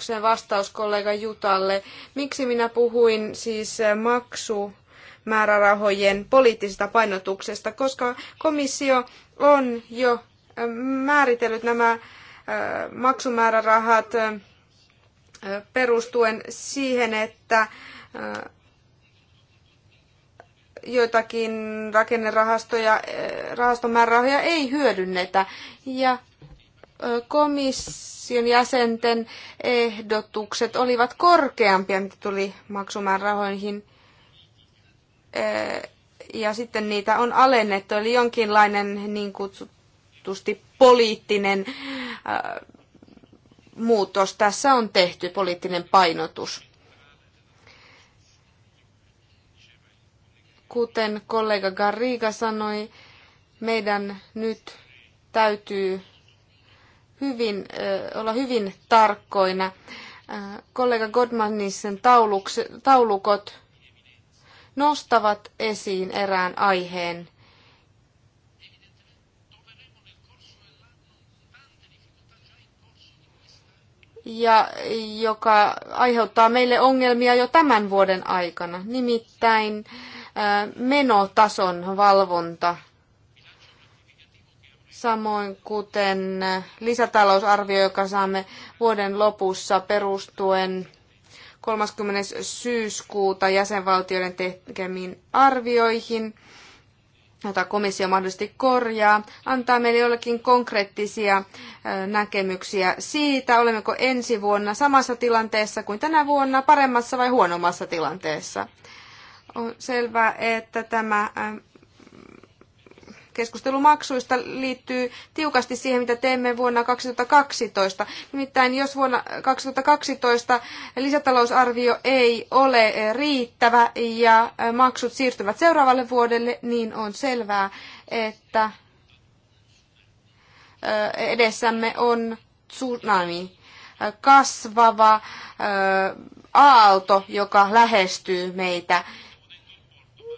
sen vastaus kollega Jutalle. Miksi minä puhuin siis maksu määrärahojen poliittisesta painotuksesta, koska komissio on jo määritellyt nämä maksumäärärahat perustuen siihen, että joitakin rakennerahastoja, rahastomäärärahoja määrärahoja ei hyödynnetä. Ja komission jäsenten ehdotukset olivat korkeampia, mitä tuli maksumäärärahoihin. Ja sitten niitä on alennettu, eli jonkinlainen niin kutsutusti poliittinen äh, muutos tässä on tehty, poliittinen painotus. Kuten kollega Garriga sanoi, meidän nyt täytyy hyvin, äh, olla hyvin tarkkoina. Äh, kollega Godmanissen taulukot nostavat esiin erään aiheen, ja joka aiheuttaa meille ongelmia jo tämän vuoden aikana, nimittäin menotason valvonta, samoin kuten lisätalousarvio, joka saamme vuoden lopussa perustuen 30. syyskuuta jäsenvaltioiden tekemiin arvioihin jota komissio mahdollisesti korjaa, antaa meille jollekin konkreettisia näkemyksiä siitä, olemmeko ensi vuonna samassa tilanteessa kuin tänä vuonna, paremmassa vai huonommassa tilanteessa. On selvää, että tämä Keskustelu maksuista liittyy tiukasti siihen, mitä teemme vuonna 2012. Nimittäin jos vuonna 2012 lisätalousarvio ei ole riittävä ja maksut siirtyvät seuraavalle vuodelle, niin on selvää, että edessämme on tsunami, kasvava aalto, joka lähestyy meitä.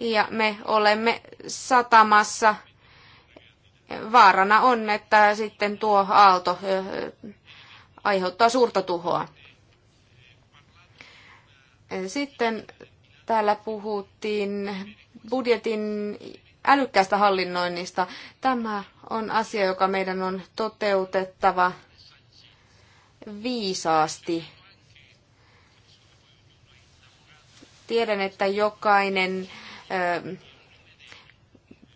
Ja me olemme satamassa vaarana on, että sitten tuo aalto aiheuttaa suurta tuhoa. Sitten täällä puhuttiin budjetin älykkäästä hallinnoinnista. Tämä on asia, joka meidän on toteutettava viisaasti. Tiedän, että jokainen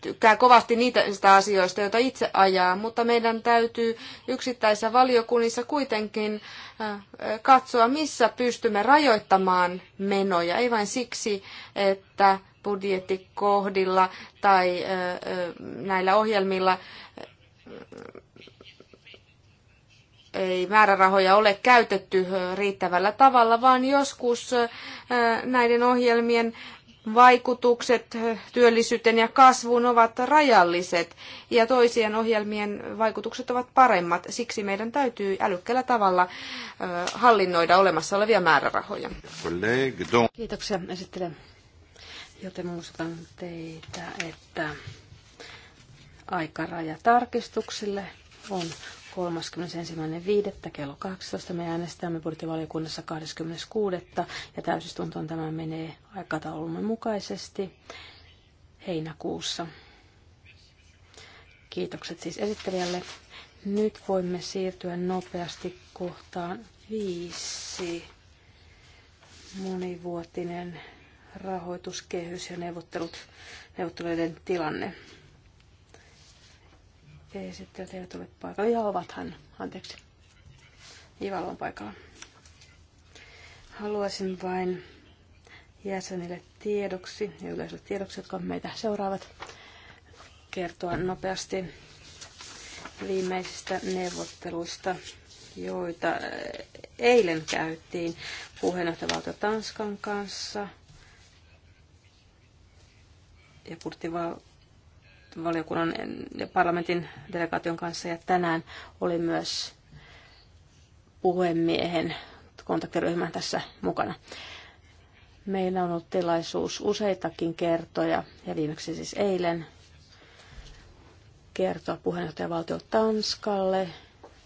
tykkää kovasti niistä asioista, joita itse ajaa, mutta meidän täytyy yksittäisissä valiokunnissa kuitenkin äh, katsoa, missä pystymme rajoittamaan menoja. Ei vain siksi, että budjettikohdilla tai äh, äh, näillä ohjelmilla ei määrärahoja ole käytetty riittävällä tavalla, vaan joskus näiden ohjelmien vaikutukset työllisyyteen ja kasvuun ovat rajalliset ja toisien ohjelmien vaikutukset ovat paremmat. Siksi meidän täytyy älykkäällä tavalla hallinnoida olemassa olevia määrärahoja. Kiitoksia esittelen. Joten muistutan teitä, että aikaraja tarkistuksille on 31.5. kello 12. Me äänestämme budjettivaliokunnassa 26. ja täysistuntoon tämä menee aikataulumme mukaisesti heinäkuussa. Kiitokset siis esittelijälle. Nyt voimme siirtyä nopeasti kohtaan viisi. Monivuotinen rahoituskehys ja neuvottelut, neuvotteluiden tilanne. Ei esittäjät ei tule paikalla. Ja ovathan, anteeksi. Ivalo on paikalla. Haluaisin vain jäsenille tiedoksi ja yleisölle tiedoksi, jotka meitä seuraavat, kertoa nopeasti viimeisistä neuvotteluista, joita eh, eilen käytiin puheenjohtajavaltio Tanskan kanssa ja budjettival- valiokunnan ja parlamentin delegaation kanssa ja tänään oli myös puhemiehen kontaktiryhmä tässä mukana. Meillä on ollut tilaisuus useitakin kertoja ja viimeksi siis eilen kertoa puheenjohtajavaltio Tanskalle,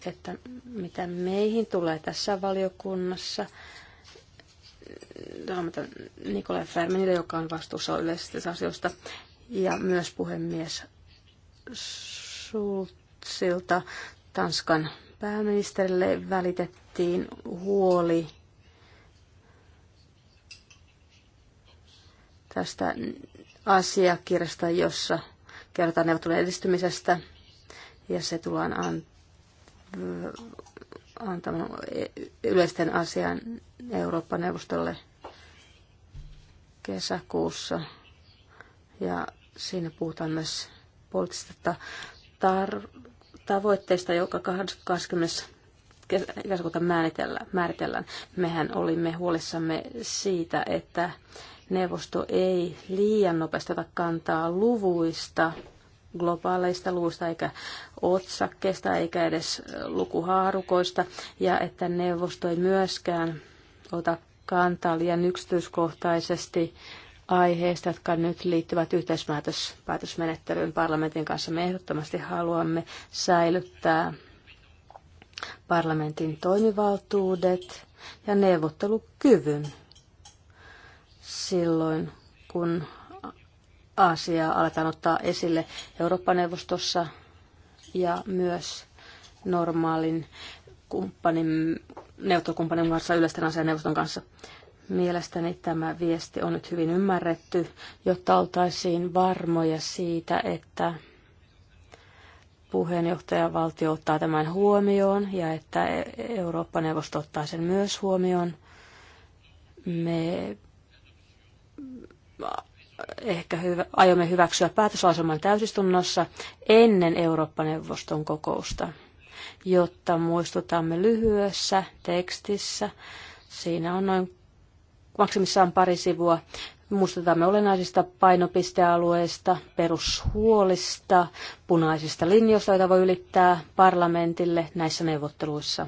että mitä meihin tulee tässä valiokunnassa. Nikolai Färmenille, joka on vastuussa yleisistä asioista, ja myös puhemies Schulzilta Tanskan pääministerille välitettiin huoli tästä asiakirjasta, jossa kerrotaan neuvottelujen edistymisestä ja se tullaan an, antamaan yleisten asian Eurooppa-neuvostolle kesäkuussa. Ja siinä puhutaan myös poliittisesta tar- tavoitteista, joka 20. kesäkuuta määritellään. määritellään. Mehän olimme huolissamme siitä, että neuvosto ei liian nopeasti ota kantaa luvuista, globaaleista luvuista eikä otsakkeista eikä edes lukuhaarukoista ja että neuvosto ei myöskään ota kantaa liian yksityiskohtaisesti aiheista, jotka nyt liittyvät yhteispäätösmenettelyyn parlamentin kanssa. Me ehdottomasti haluamme säilyttää parlamentin toimivaltuudet ja neuvottelukyvyn silloin, kun asiaa aletaan ottaa esille Eurooppa-neuvostossa ja myös normaalin kumppanin, neuvottelukumppanin kanssa, yleisten asian neuvoston kanssa. Mielestäni tämä viesti on nyt hyvin ymmärretty, jotta oltaisiin varmoja siitä, että puheenjohtajavaltio ottaa tämän huomioon ja että Eurooppa-neuvosto ottaa sen myös huomioon. Me ehkä hyvä, aiomme hyväksyä päätöslauselman täysistunnossa ennen Eurooppa-neuvoston kokousta, jotta muistutamme lyhyessä tekstissä. Siinä on noin maksimissaan pari sivua. Muistutamme olennaisista painopistealueista, perushuolista, punaisista linjoista, joita voi ylittää parlamentille näissä neuvotteluissa.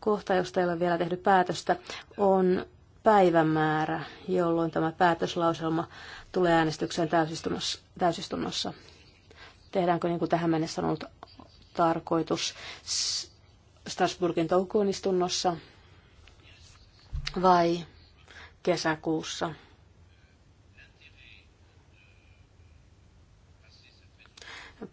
Kohta, josta ei ole vielä tehty päätöstä, on päivämäärä, jolloin tämä päätöslauselma tulee äänestykseen täysistunnossa. täysistunnossa. Tehdäänkö niin kuin tähän mennessä on ollut tarkoitus Strasbourgin toukokuun istunnossa vai kesäkuussa.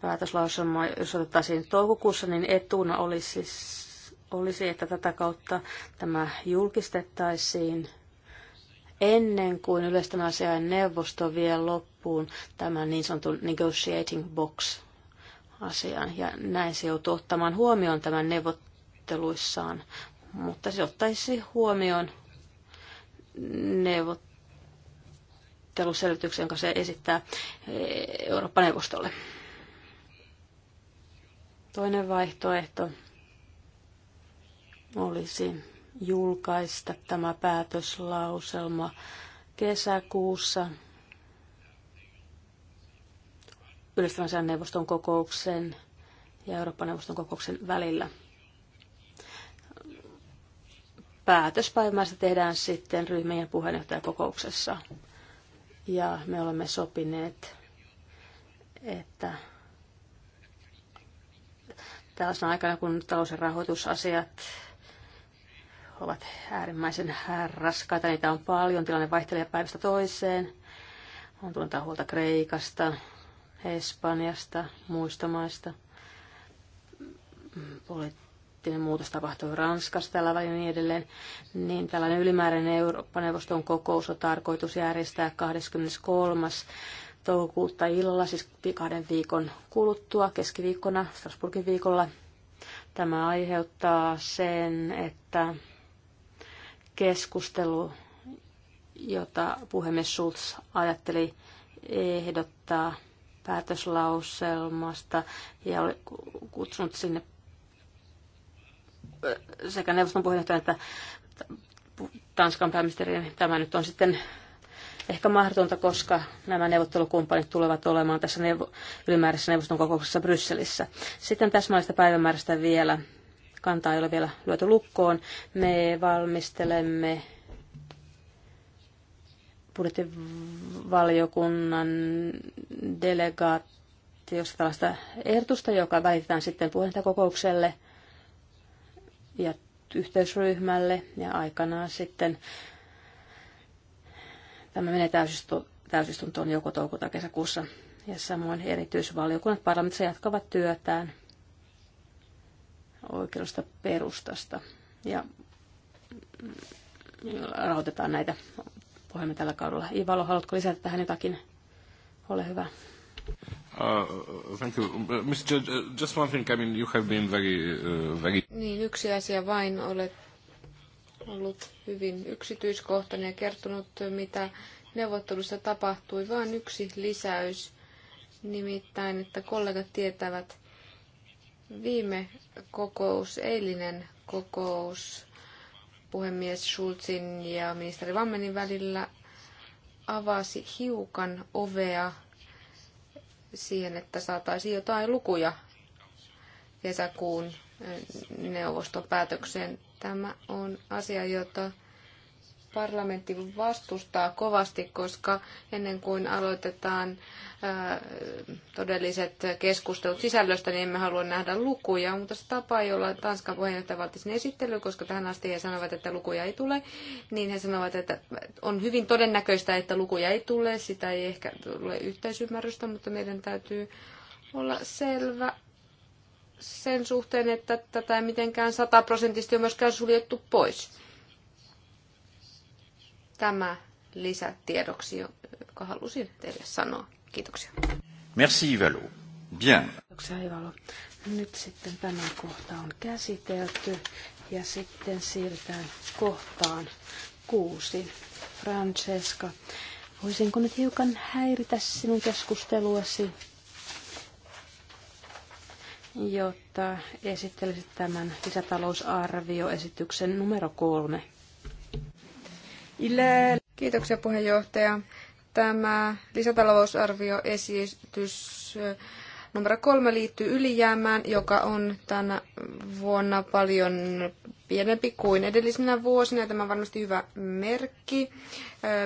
Päätöslauselma, jos otettaisiin toukokuussa, niin etuna olisi, siis, olisi, että tätä kautta tämä julkistettaisiin ennen kuin yleisten asiain neuvosto vie loppuun tämän niin sanotun negotiating box asian. Ja näin se joutuu ottamaan huomioon tämän neuvotteluissaan mutta se ottaisi huomioon neuvotteluselvityksen, jonka se esittää Eurooppa-neuvostolle. Toinen vaihtoehto olisi julkaista tämä päätöslauselma kesäkuussa yleisten neuvoston kokouksen ja Euroopan neuvoston kokouksen välillä päätöspäivästä tehdään sitten ryhmien puheenjohtajakokouksessa. Ja me olemme sopineet, että tällaisena aikana, kun talous- ja rahoitusasiat ovat äärimmäisen raskaita, niitä on paljon, tilanne vaihtelee päivästä toiseen. On tullut huolta Kreikasta, Espanjasta, muista maista, Poli- poliittinen muutos tapahtui Ranskassa tällä välin niin edelleen, niin tällainen ylimääräinen Eurooppa-neuvoston kokous on tarkoitus järjestää 23 toukokuuta illalla, siis kahden viikon kuluttua keskiviikkona Strasbourgin viikolla. Tämä aiheuttaa sen, että keskustelu, jota puhemies Schulz ajatteli ehdottaa päätöslauselmasta ja oli kutsunut sinne sekä neuvoston puheenjohtajan että Tanskan pääministerin. Tämä nyt on sitten ehkä mahdotonta, koska nämä neuvottelukumppanit tulevat olemaan tässä neuv- ylimääräisessä neuvoston kokouksessa Brysselissä. Sitten täsmällistä päivämäärästä vielä. Kantaa ei ole vielä lyöty lukkoon. Me valmistelemme budjettivaliokunnan delegaatiosta tällaista ehdotusta, joka välitetään sitten puheenjohtajakokoukselle – ja yhteysryhmälle ja aikanaan sitten tämä menee täysistuntoon joko touko- kesäkuussa ja samoin erityisvaliokunnat parlamentissa jatkavat työtään oikeudesta perustasta ja rahoitetaan näitä puhemme tällä kaudella. Ivalo, haluatko lisätä tähän jotakin? Ole hyvä. Uh, uh, thank you. Uh, Mr. Just one thing, I mean, you have been very, uh, very... Niin, yksi asia vain. Olet ollut hyvin yksityiskohtainen ja kertonut, mitä neuvottelussa tapahtui. Vain yksi lisäys, nimittäin, että kollegat tietävät, viime kokous, eilinen kokous puhemies Schulzin ja ministeri Vammenin välillä avasi hiukan ovea siihen, että saataisiin jotain lukuja kesäkuun neuvoston päätökseen. Tämä on asia, jota parlamentti vastustaa kovasti, koska ennen kuin aloitetaan todelliset keskustelut sisällöstä, niin emme halua nähdä lukuja, mutta se tapa, jolla Tanskan puheenjohtaja valti sen koska tähän asti he sanovat, että lukuja ei tule, niin he sanovat, että on hyvin todennäköistä, että lukuja ei tule, sitä ei ehkä tule yhteisymmärrystä, mutta meidän täytyy olla selvä sen suhteen, että tätä ei mitenkään sataprosenttisesti on myöskään suljettu pois Tämä lisätiedoksi, joka halusin teille sanoa. Kiitoksia. Merci Ivalo. Bien. Kiitoksia Ivalo. Nyt sitten tämä kohta on käsitelty ja sitten siirrytään kohtaan kuusi. Francesca, voisinko nyt hiukan häiritä sinun keskusteluasi, jotta esittelisit tämän lisätalousarvioesityksen numero kolme? Kiitoksia puheenjohtaja. Tämä lisätalousarvioesitys eh, numero kolme liittyy ylijäämään, joka on tänä vuonna paljon pienempi kuin edellisinä vuosina. Tämä on varmasti hyvä merkki. Eh,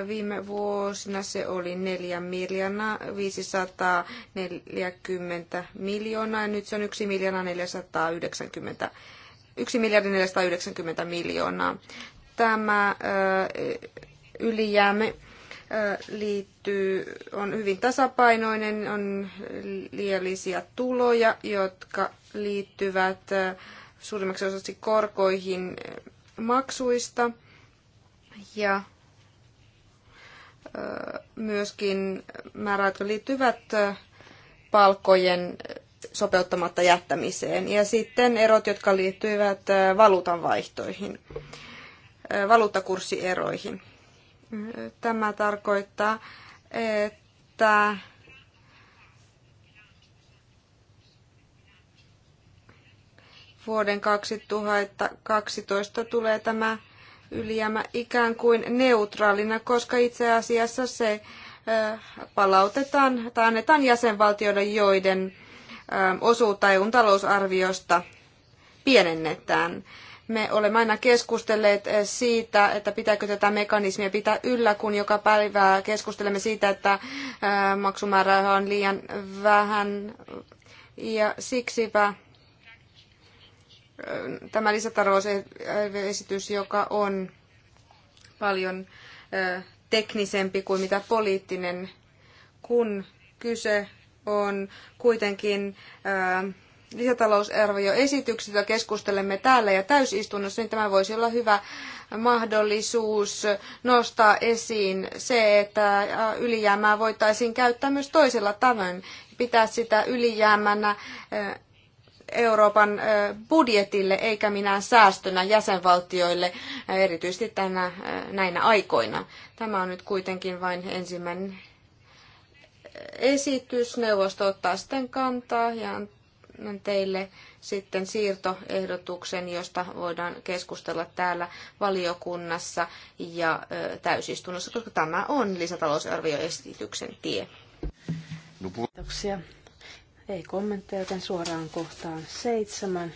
viime vuosina se oli 4 miljoonaa 540 miljoonaa ja nyt se on 1 miljoonaa 490 1 miljardi 490 miljoonaa tämä ylijäämä liittyy, on hyvin tasapainoinen, on liiallisia tuloja, jotka liittyvät suurimmaksi osaksi korkoihin maksuista ja myöskin määrät liittyvät palkkojen sopeuttamatta jättämiseen ja sitten erot, jotka liittyvät valuutanvaihtoihin. vaihtoihin valuuttakurssieroihin. Tämä tarkoittaa, että vuoden 2012 tulee tämä ylijäämä ikään kuin neutraalina, koska itse asiassa se palautetaan tai annetaan jäsenvaltioille, joiden osuutta EUn talousarviosta pienennetään. Me olemme aina keskustelleet eh, siitä, että pitääkö tätä mekanismia pitää yllä, kun joka päivä keskustelemme siitä, että eh, maksumäärä on liian vähän. Ja siksipä eh, tämä lisätarvoisesitys, joka on paljon teknisempi kuin mitä poliittinen, kun kyse on kuitenkin äh, lisätalousarvioesityksestä keskustelemme täällä ja täysistunnossa, niin tämä voisi olla hyvä mahdollisuus nostaa esiin se, että ylijäämää voitaisiin käyttää myös toisella tavoin, pitää sitä ylijäämänä eh, Euroopan eh, budjetille eikä minään säästönä jäsenvaltioille, eh, erityisesti tänä, näinä aikoina. Tämä on nyt kuitenkin vain ensimmäinen esitys. Neuvosto ottaa sitten kantaa ja antaa teille sitten siirtoehdotuksen, josta voidaan keskustella täällä valiokunnassa ja täysistunnossa, koska tämä on lisätalousarvioesityksen tie. No Kiitoksia. Ei kommentteja, joten suoraan kohtaan seitsemän.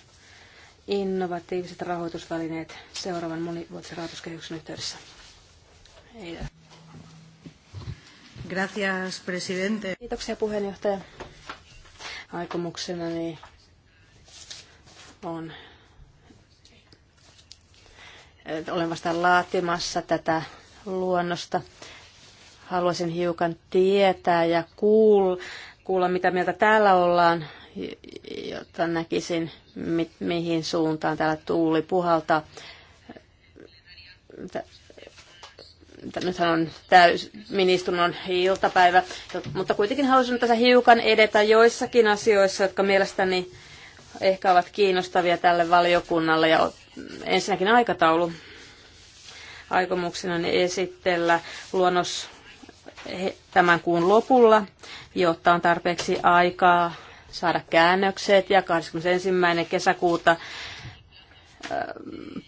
Innovatiiviset rahoitusvälineet seuraavan monivuotisen rahoituskehyksen yhteydessä. Ei. Gracias, presidente. Kiitoksia puheenjohtaja aikomuksena niin on olen vasta laatimassa tätä luonnosta. Haluaisin hiukan tietää ja kuulla, kuulla mitä mieltä täällä ollaan, jotta näkisin, mi- mihin suuntaan täällä tuuli puhaltaa nythän on täysministunnon iltapäivä, mutta kuitenkin haluaisin tässä hiukan edetä joissakin asioissa, jotka mielestäni ehkä ovat kiinnostavia tälle valiokunnalle. Ja ensinnäkin aikataulu aikomuksena esitellä luonnos tämän kuun lopulla, jotta on tarpeeksi aikaa saada käännökset ja 21. kesäkuuta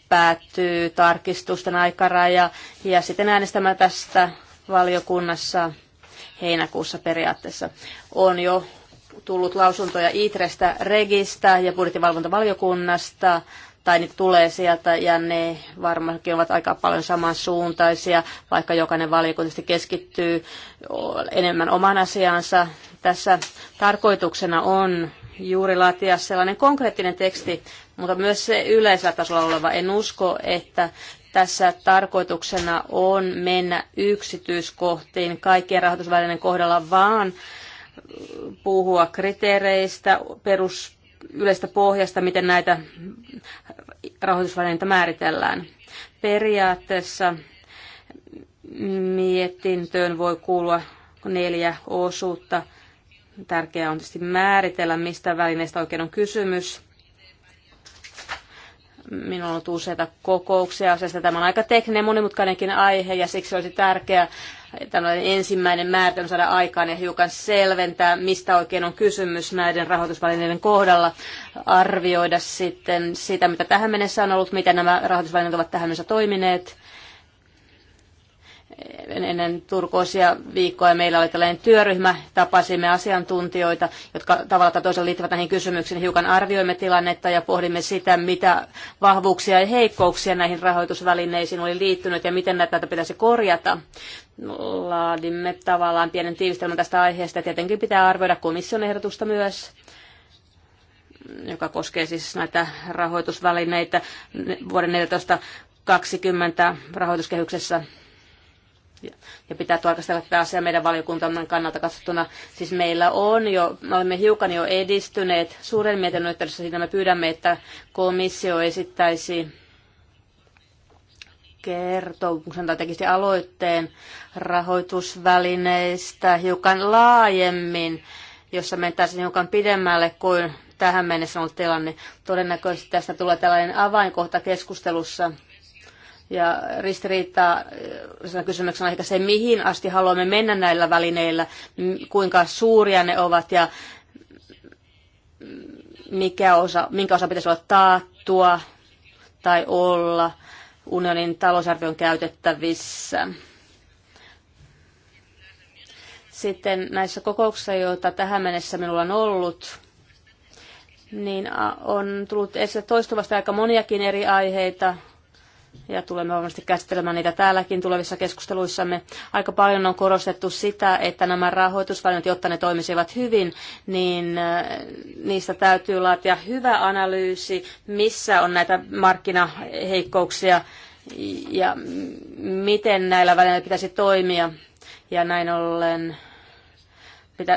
päättyy tarkistusten aikaraja ja sitten äänestämä tästä valiokunnassa heinäkuussa periaatteessa on jo tullut lausuntoja ITREstä, REGistä ja budjettivalvontavaliokunnasta, tai niitä tulee sieltä, ja ne varmaankin ovat aika paljon samansuuntaisia, vaikka jokainen valiokunta keskittyy enemmän oman asiansa. Tässä tarkoituksena on juuri laatia sellainen konkreettinen teksti mutta myös se yleisellä tasolla oleva. En usko, että tässä tarkoituksena on mennä yksityiskohtiin kaikkien rahoitusvälineiden kohdalla, vaan puhua kriteereistä, perus, yleistä pohjasta, miten näitä rahoitusvälineitä määritellään. Periaatteessa mietintöön voi kuulua neljä osuutta. Tärkeää on tietysti määritellä, mistä välineistä oikein on kysymys. Minulla on ollut useita kokouksia asiasta. Tämä on aika tekninen, monimutkainenkin aihe ja siksi olisi tärkeää tällainen ensimmäinen määritelmä saada aikaan ja hiukan selventää, mistä oikein on kysymys näiden rahoitusvälineiden kohdalla, arvioida sitten sitä, mitä tähän mennessä on ollut, miten nämä rahoitusvälineet ovat tähän mennessä toimineet, ennen turkoisia viikkoja meillä oli tällainen työryhmä, tapasimme asiantuntijoita, jotka tavalla tai toisella liittyvät näihin kysymyksiin. Hiukan arvioimme tilannetta ja pohdimme sitä, mitä vahvuuksia ja heikkouksia näihin rahoitusvälineisiin oli liittynyt ja miten näitä pitäisi korjata. Laadimme tavallaan pienen tiivistelmän tästä aiheesta ja tietenkin pitää arvioida komission ehdotusta myös joka koskee siis näitä rahoitusvälineitä vuoden 2020 rahoituskehyksessä ja pitää tarkastella tämä asia meidän valiokuntamme kannalta katsottuna. Siis meillä on jo, me olemme hiukan jo edistyneet suuren mietinnön yhteydessä, siinä me pyydämme, että komissio esittäisi kertomuksen tai tekisi aloitteen rahoitusvälineistä hiukan laajemmin, jossa mentäisiin hiukan pidemmälle kuin tähän mennessä on ollut tilanne. Todennäköisesti tästä tulee tällainen avainkohta keskustelussa ja ristiriittaa kysymyksenä kysymyksen ehkä se, mihin asti haluamme mennä näillä välineillä, kuinka suuria ne ovat ja mikä osa, minkä osa pitäisi olla taattua tai olla unionin talousarvion käytettävissä. Sitten näissä kokouksissa, joita tähän mennessä minulla on ollut, niin on tullut esille toistuvasti aika moniakin eri aiheita, ja tulemme varmasti käsittelemään niitä täälläkin tulevissa keskusteluissamme. Aika paljon on korostettu sitä, että nämä rahoitusvälineet, jotta ne toimisivat hyvin, niin äh, niistä täytyy laatia hyvä analyysi, missä on näitä markkinaheikkouksia ja miten näillä välineillä pitäisi toimia. Ja näin ollen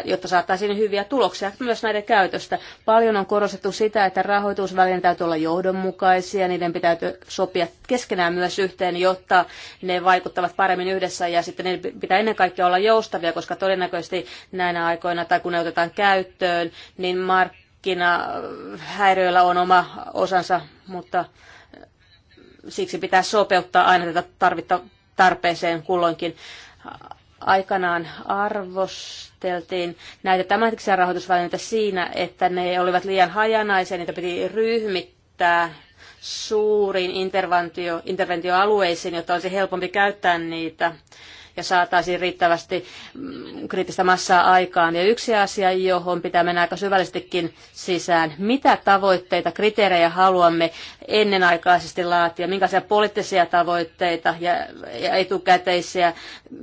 jotta saataisiin hyviä tuloksia myös näiden käytöstä. Paljon on korostettu sitä, että rahoitusvälineen täytyy olla johdonmukaisia, niiden pitää sopia keskenään myös yhteen, jotta ne vaikuttavat paremmin yhdessä ja sitten ne pitää ennen kaikkea olla joustavia, koska todennäköisesti näinä aikoina tai kun ne otetaan käyttöön, niin markkinahäiriöillä on oma osansa, mutta siksi pitää sopeuttaa aina tätä tarpeeseen kulloinkin aikanaan arvosteltiin näitä tämänhetkisiä rahoitusvälineitä siinä, että ne olivat liian hajanaisia, niitä piti ryhmittää suuriin interventio, interventioalueisiin, jotta olisi helpompi käyttää niitä ja saataisiin riittävästi mm, kriittistä massaa aikaan. Ja yksi asia, johon pitää mennä aika syvällisestikin sisään, mitä tavoitteita, kriteerejä haluamme ennenaikaisesti laatia, minkälaisia poliittisia tavoitteita ja, ja etukäteisiä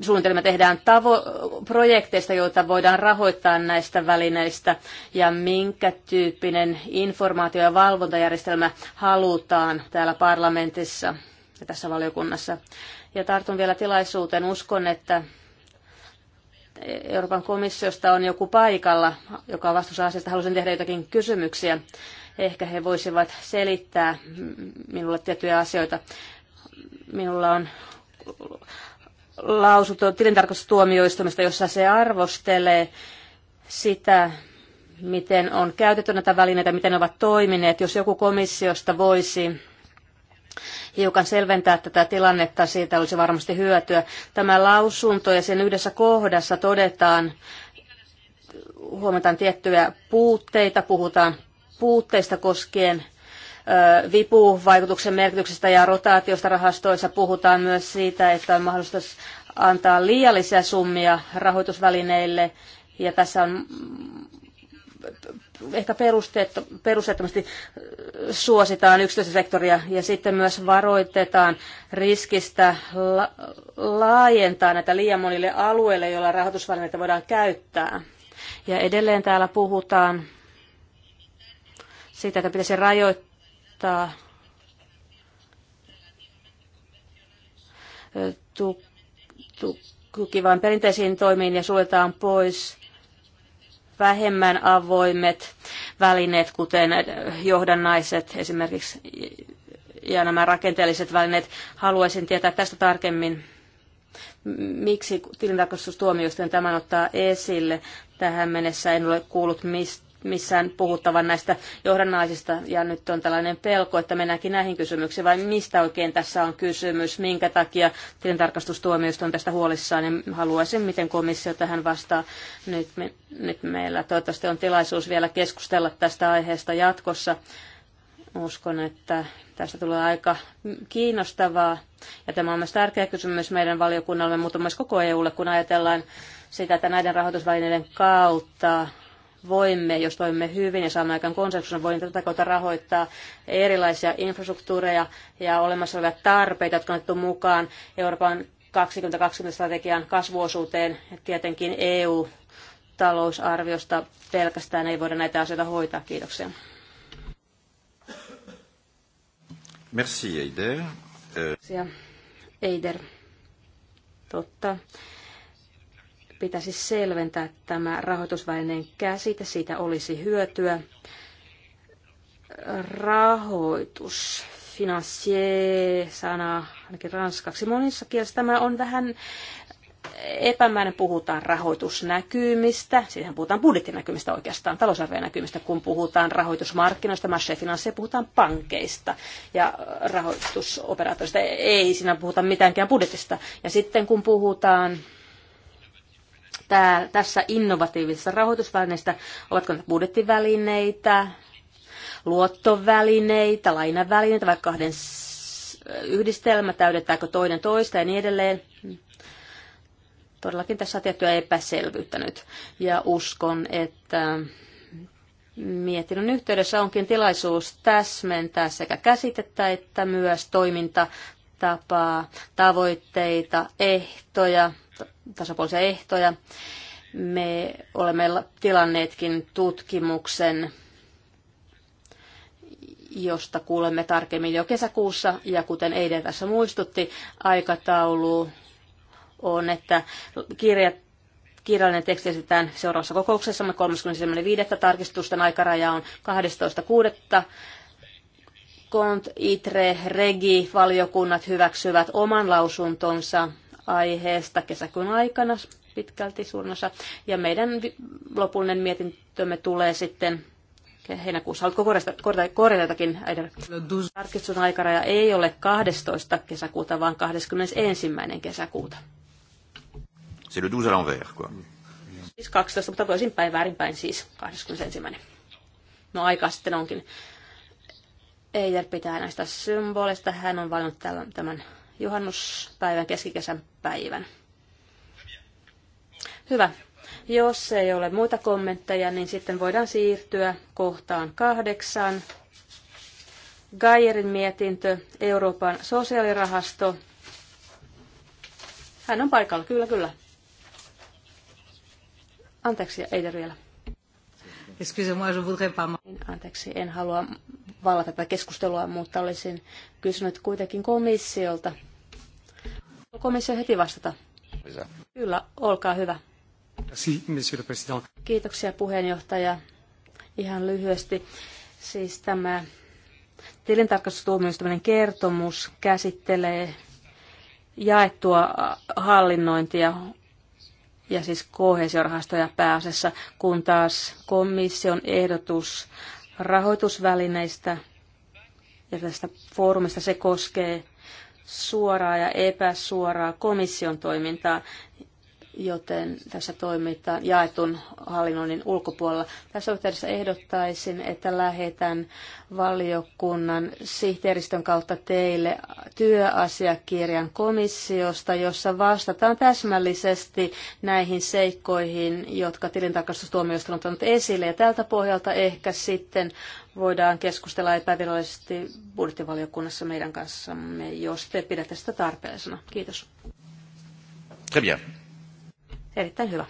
suunnitelmia tehdään tavo- projekteista, joita voidaan rahoittaa näistä välineistä ja minkä tyyppinen informaatio- ja valvontajärjestelmä halutaan täällä parlamentissa ja tässä valiokunnassa. Ja tartun vielä tilaisuuteen. Uskon, että Euroopan komissiosta on joku paikalla, joka on vastuussa asiasta. Haluaisin tehdä jotakin kysymyksiä. Ehkä he voisivat selittää minulle tiettyjä asioita. Minulla on lausunto tilintarkastustuomioistumista, jossa se arvostelee sitä, miten on käytetty näitä välineitä, miten ne ovat toimineet. Jos joku komissiosta voisi hiukan selventää tätä tilannetta, siitä olisi varmasti hyötyä. Tämä lausunto ja sen yhdessä kohdassa todetaan, huomataan tiettyjä puutteita, puhutaan puutteista koskien vipuvaikutuksen merkityksestä ja rotaatiosta rahastoissa. Puhutaan myös siitä, että on mahdollista antaa liiallisia summia rahoitusvälineille, ja tässä on ehkä perusteettomasti suositaan yksityistä sektoria ja sitten myös varoitetaan riskistä la- laajentaa näitä liian monille alueille, joilla rahoitusvälineitä voidaan käyttää. Ja edelleen täällä puhutaan siitä, että pitäisi rajoittaa tuki vain perinteisiin toimiin ja suljetaan pois vähemmän avoimet välineet, kuten johdannaiset esimerkiksi ja nämä rakenteelliset välineet. Haluaisin tietää tästä tarkemmin, miksi tilintarkastustuomioistuin tämän ottaa esille. Tähän mennessä en ole kuullut mistä missään puhuttavan näistä johdannaisista, ja nyt on tällainen pelko, että mennäänkin näihin kysymyksiin, vai mistä oikein tässä on kysymys, minkä takia tilintarkastustuomioistuin on tästä huolissaan, ja niin haluaisin, miten komissio tähän vastaa. Nyt, me, nyt meillä toivottavasti on tilaisuus vielä keskustella tästä aiheesta jatkossa. Uskon, että tästä tulee aika kiinnostavaa, ja tämä on myös tärkeä kysymys meidän valiokunnalle, mutta myös koko EUlle, kun ajatellaan sitä, että näiden rahoitusvälineiden kautta voimme, jos toimimme hyvin ja saamme aikaan konsensus, voimme tätä kautta rahoittaa erilaisia infrastruktuureja ja olemassa olevia tarpeita, jotka on otettu mukaan Euroopan 2020-strategian kasvuosuuteen. Tietenkin EU-talousarviosta pelkästään ei voida näitä asioita hoitaa. Kiitoksia. Merci, Eider. Eider. Totta. Pitäisi selventää tämä rahoitusvälineen käsite, siitä olisi hyötyä. Rahoitus, financier-sana, ainakin ranskaksi. Monissa kielissä tämä on vähän epämääräinen. Puhutaan rahoitusnäkymistä, siihen puhutaan budjettinäkymistä oikeastaan, talousarvionäkymistä, kun puhutaan rahoitusmarkkinoista, marché finansseja, puhutaan pankeista ja rahoitusoperaattoreista. Ei siinä puhuta mitäänkään budjetista. Ja sitten kun puhutaan tää, tässä innovatiivisessa rahoitusvälineessä? Ovatko ne budjettivälineitä, luottovälineitä, lainavälineitä, vaikka kahden yhdistelmä, täydetäänkö toinen toista ja niin edelleen? Todellakin tässä on tiettyä epäselvyyttä nyt ja uskon, että Mietinnön yhteydessä onkin tilaisuus täsmentää sekä käsitettä että myös toiminta tapaa, tavoitteita, ehtoja, tasapuolisia ehtoja. Me olemme tilanneetkin tutkimuksen, josta kuulemme tarkemmin jo kesäkuussa. Ja kuten Eiden tässä muistutti, aikataulu on, että kirjat kirjallinen teksti esitetään seuraavassa kokouksessa. 31.5. Tarkistusten aikaraja on Kont, Itre, Regi valiokunnat hyväksyvät oman lausuntonsa aiheesta kesäkuun aikana pitkälti suurnossa. Ja meidän lopullinen mietintömme tulee sitten heinäkuussa. Haluatko korjata jotakin? Tarkistun aikaraja ei ole 12. kesäkuuta, vaan 21. kesäkuuta. Se le 12 à l'envers, quoi. Siis 12, mutta toisinpäin, väärinpäin siis 21. No aikaa sitten onkin. Eider pitää näistä symboleista. Hän on valinnut tämän juhannuspäivän, keskikesän päivän. Hyvä. Jos ei ole muita kommentteja, niin sitten voidaan siirtyä kohtaan kahdeksan. Gajerin mietintö, Euroopan sosiaalirahasto. Hän on paikalla, kyllä, kyllä. Anteeksi, Eider vielä. Excusez-moi, je voudrais pas... Niin, anteeksi, en halua vallata tätä keskustelua, mutta olisin kysynyt kuitenkin komissiolta. Komissio heti vastata. Kyllä, olkaa hyvä. Kiitoksia puheenjohtaja. Ihan lyhyesti. Siis tämä tilintarkastustuomioistuimen kertomus käsittelee jaettua hallinnointia ja siis kohesiorahastoja pääasiassa, kun taas komission ehdotus rahoitusvälineistä ja tästä foorumista. Se koskee suoraa ja epäsuoraa komission toimintaa joten tässä toimitaan jaetun hallinnoinnin ulkopuolella. Tässä yhteydessä ehdottaisin, että lähetän valiokunnan sihteeristön kautta teille työasiakirjan komissiosta, jossa vastataan täsmällisesti näihin seikkoihin, jotka tilintarkastustuomioistuin on ottanut esille. Ja tältä pohjalta ehkä sitten voidaan keskustella epävirallisesti budjettivaliokunnassa meidän kanssamme, jos te pidätte sitä tarpeellisena. Kiitos. Très bien. Erittäin hyvä.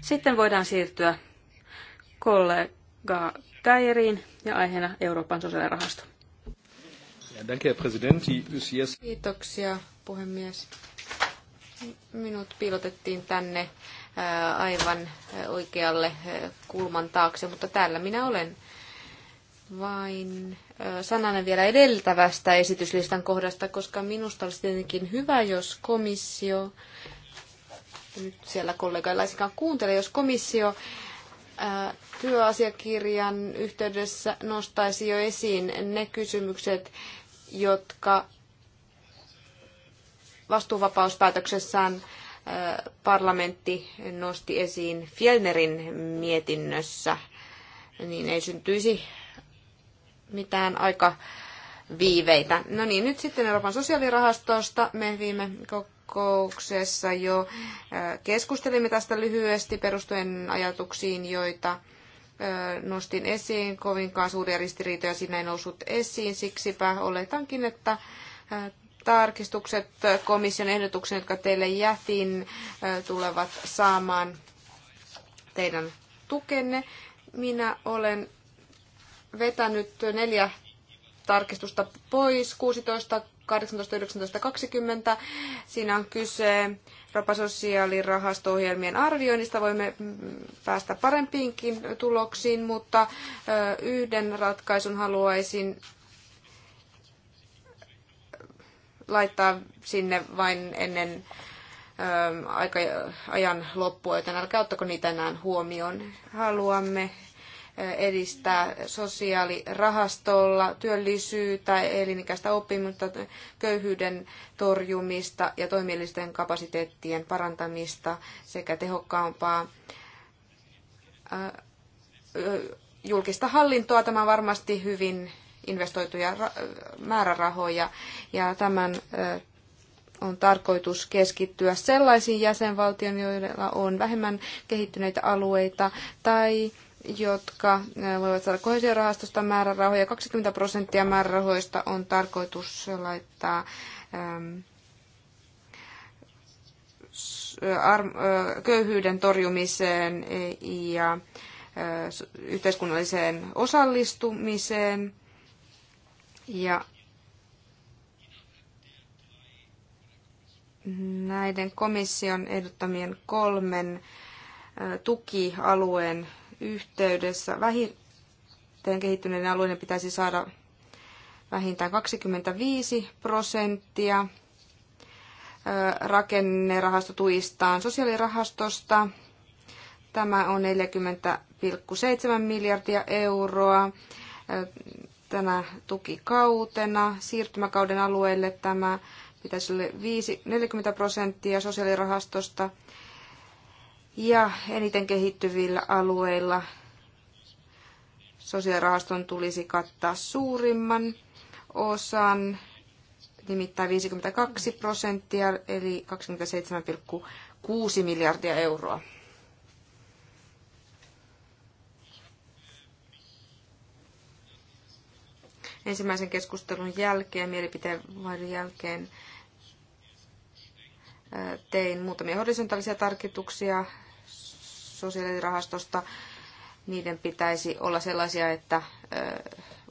Sitten voidaan siirtyä kollega Geiriin ja aiheena Euroopan sosiaalirahasto. Kiitoksia, puhemies. Minut piilotettiin tänne aivan oikealle kulman taakse, mutta täällä minä olen. Vain sananen vielä edeltävästä esityslistan kohdasta, koska minusta olisi tietenkin hyvä, jos komissio, nyt siellä kollegailla, laisinkaan kuuntele, jos komissio työasiakirjan yhteydessä nostaisi jo esiin ne kysymykset, jotka vastuuvapauspäätöksessään parlamentti nosti esiin Fjellnerin mietinnössä, niin ei syntyisi mitään aika viiveitä. No niin, nyt sitten Euroopan sosiaalirahastosta me viime kokouksessa jo keskustelimme tästä lyhyesti perustuen ajatuksiin, joita nostin esiin. Kovinkaan suuria ristiriitoja siinä ei noussut esiin, siksipä oletankin, että tarkistukset komission ehdotuksen, jotka teille jätin, tulevat saamaan teidän tukenne. Minä olen vetänyt neljä tarkistusta pois, 16, 18, 19, 20. Siinä on kyse Euroopan sosiaalirahasto-ohjelmien arvioinnista. Voimme päästä parempiinkin tuloksiin, mutta yhden ratkaisun haluaisin laittaa sinne vain ennen ähm, aika, ajan loppua, joten älkää ottako niitä enää huomioon. Haluamme äh, edistää sosiaalirahastolla työllisyyttä, elinikäistä oppimista, köyhyyden torjumista ja toimielisten kapasiteettien parantamista sekä tehokkaampaa äh, julkista hallintoa. Tämä on varmasti hyvin investoituja määrärahoja ja tämän on tarkoitus keskittyä sellaisiin jäsenvaltioihin, joilla on vähemmän kehittyneitä alueita tai jotka voivat saada kohesiorahastosta määrärahoja. 20 prosenttia määrärahoista on tarkoitus laittaa köyhyyden torjumiseen ja yhteiskunnalliseen osallistumiseen – ja näiden komission ehdottamien kolmen tukialueen yhteydessä vähiten kehittyneiden alueiden pitäisi saada vähintään 25 prosenttia rakennerahastotuistaan sosiaalirahastosta. Tämä on 40,7 miljardia euroa tänä tukikautena. Siirtymäkauden alueelle tämä pitäisi olla 40 prosenttia sosiaalirahastosta ja eniten kehittyvillä alueilla sosiaalirahaston tulisi kattaa suurimman osan, nimittäin 52 prosenttia eli 27,6 miljardia euroa. ensimmäisen keskustelun jälkeen, mielipiteen vaihdon jälkeen, tein muutamia horisontaalisia tarkituksia sosiaalirahastosta. Niiden pitäisi olla sellaisia, että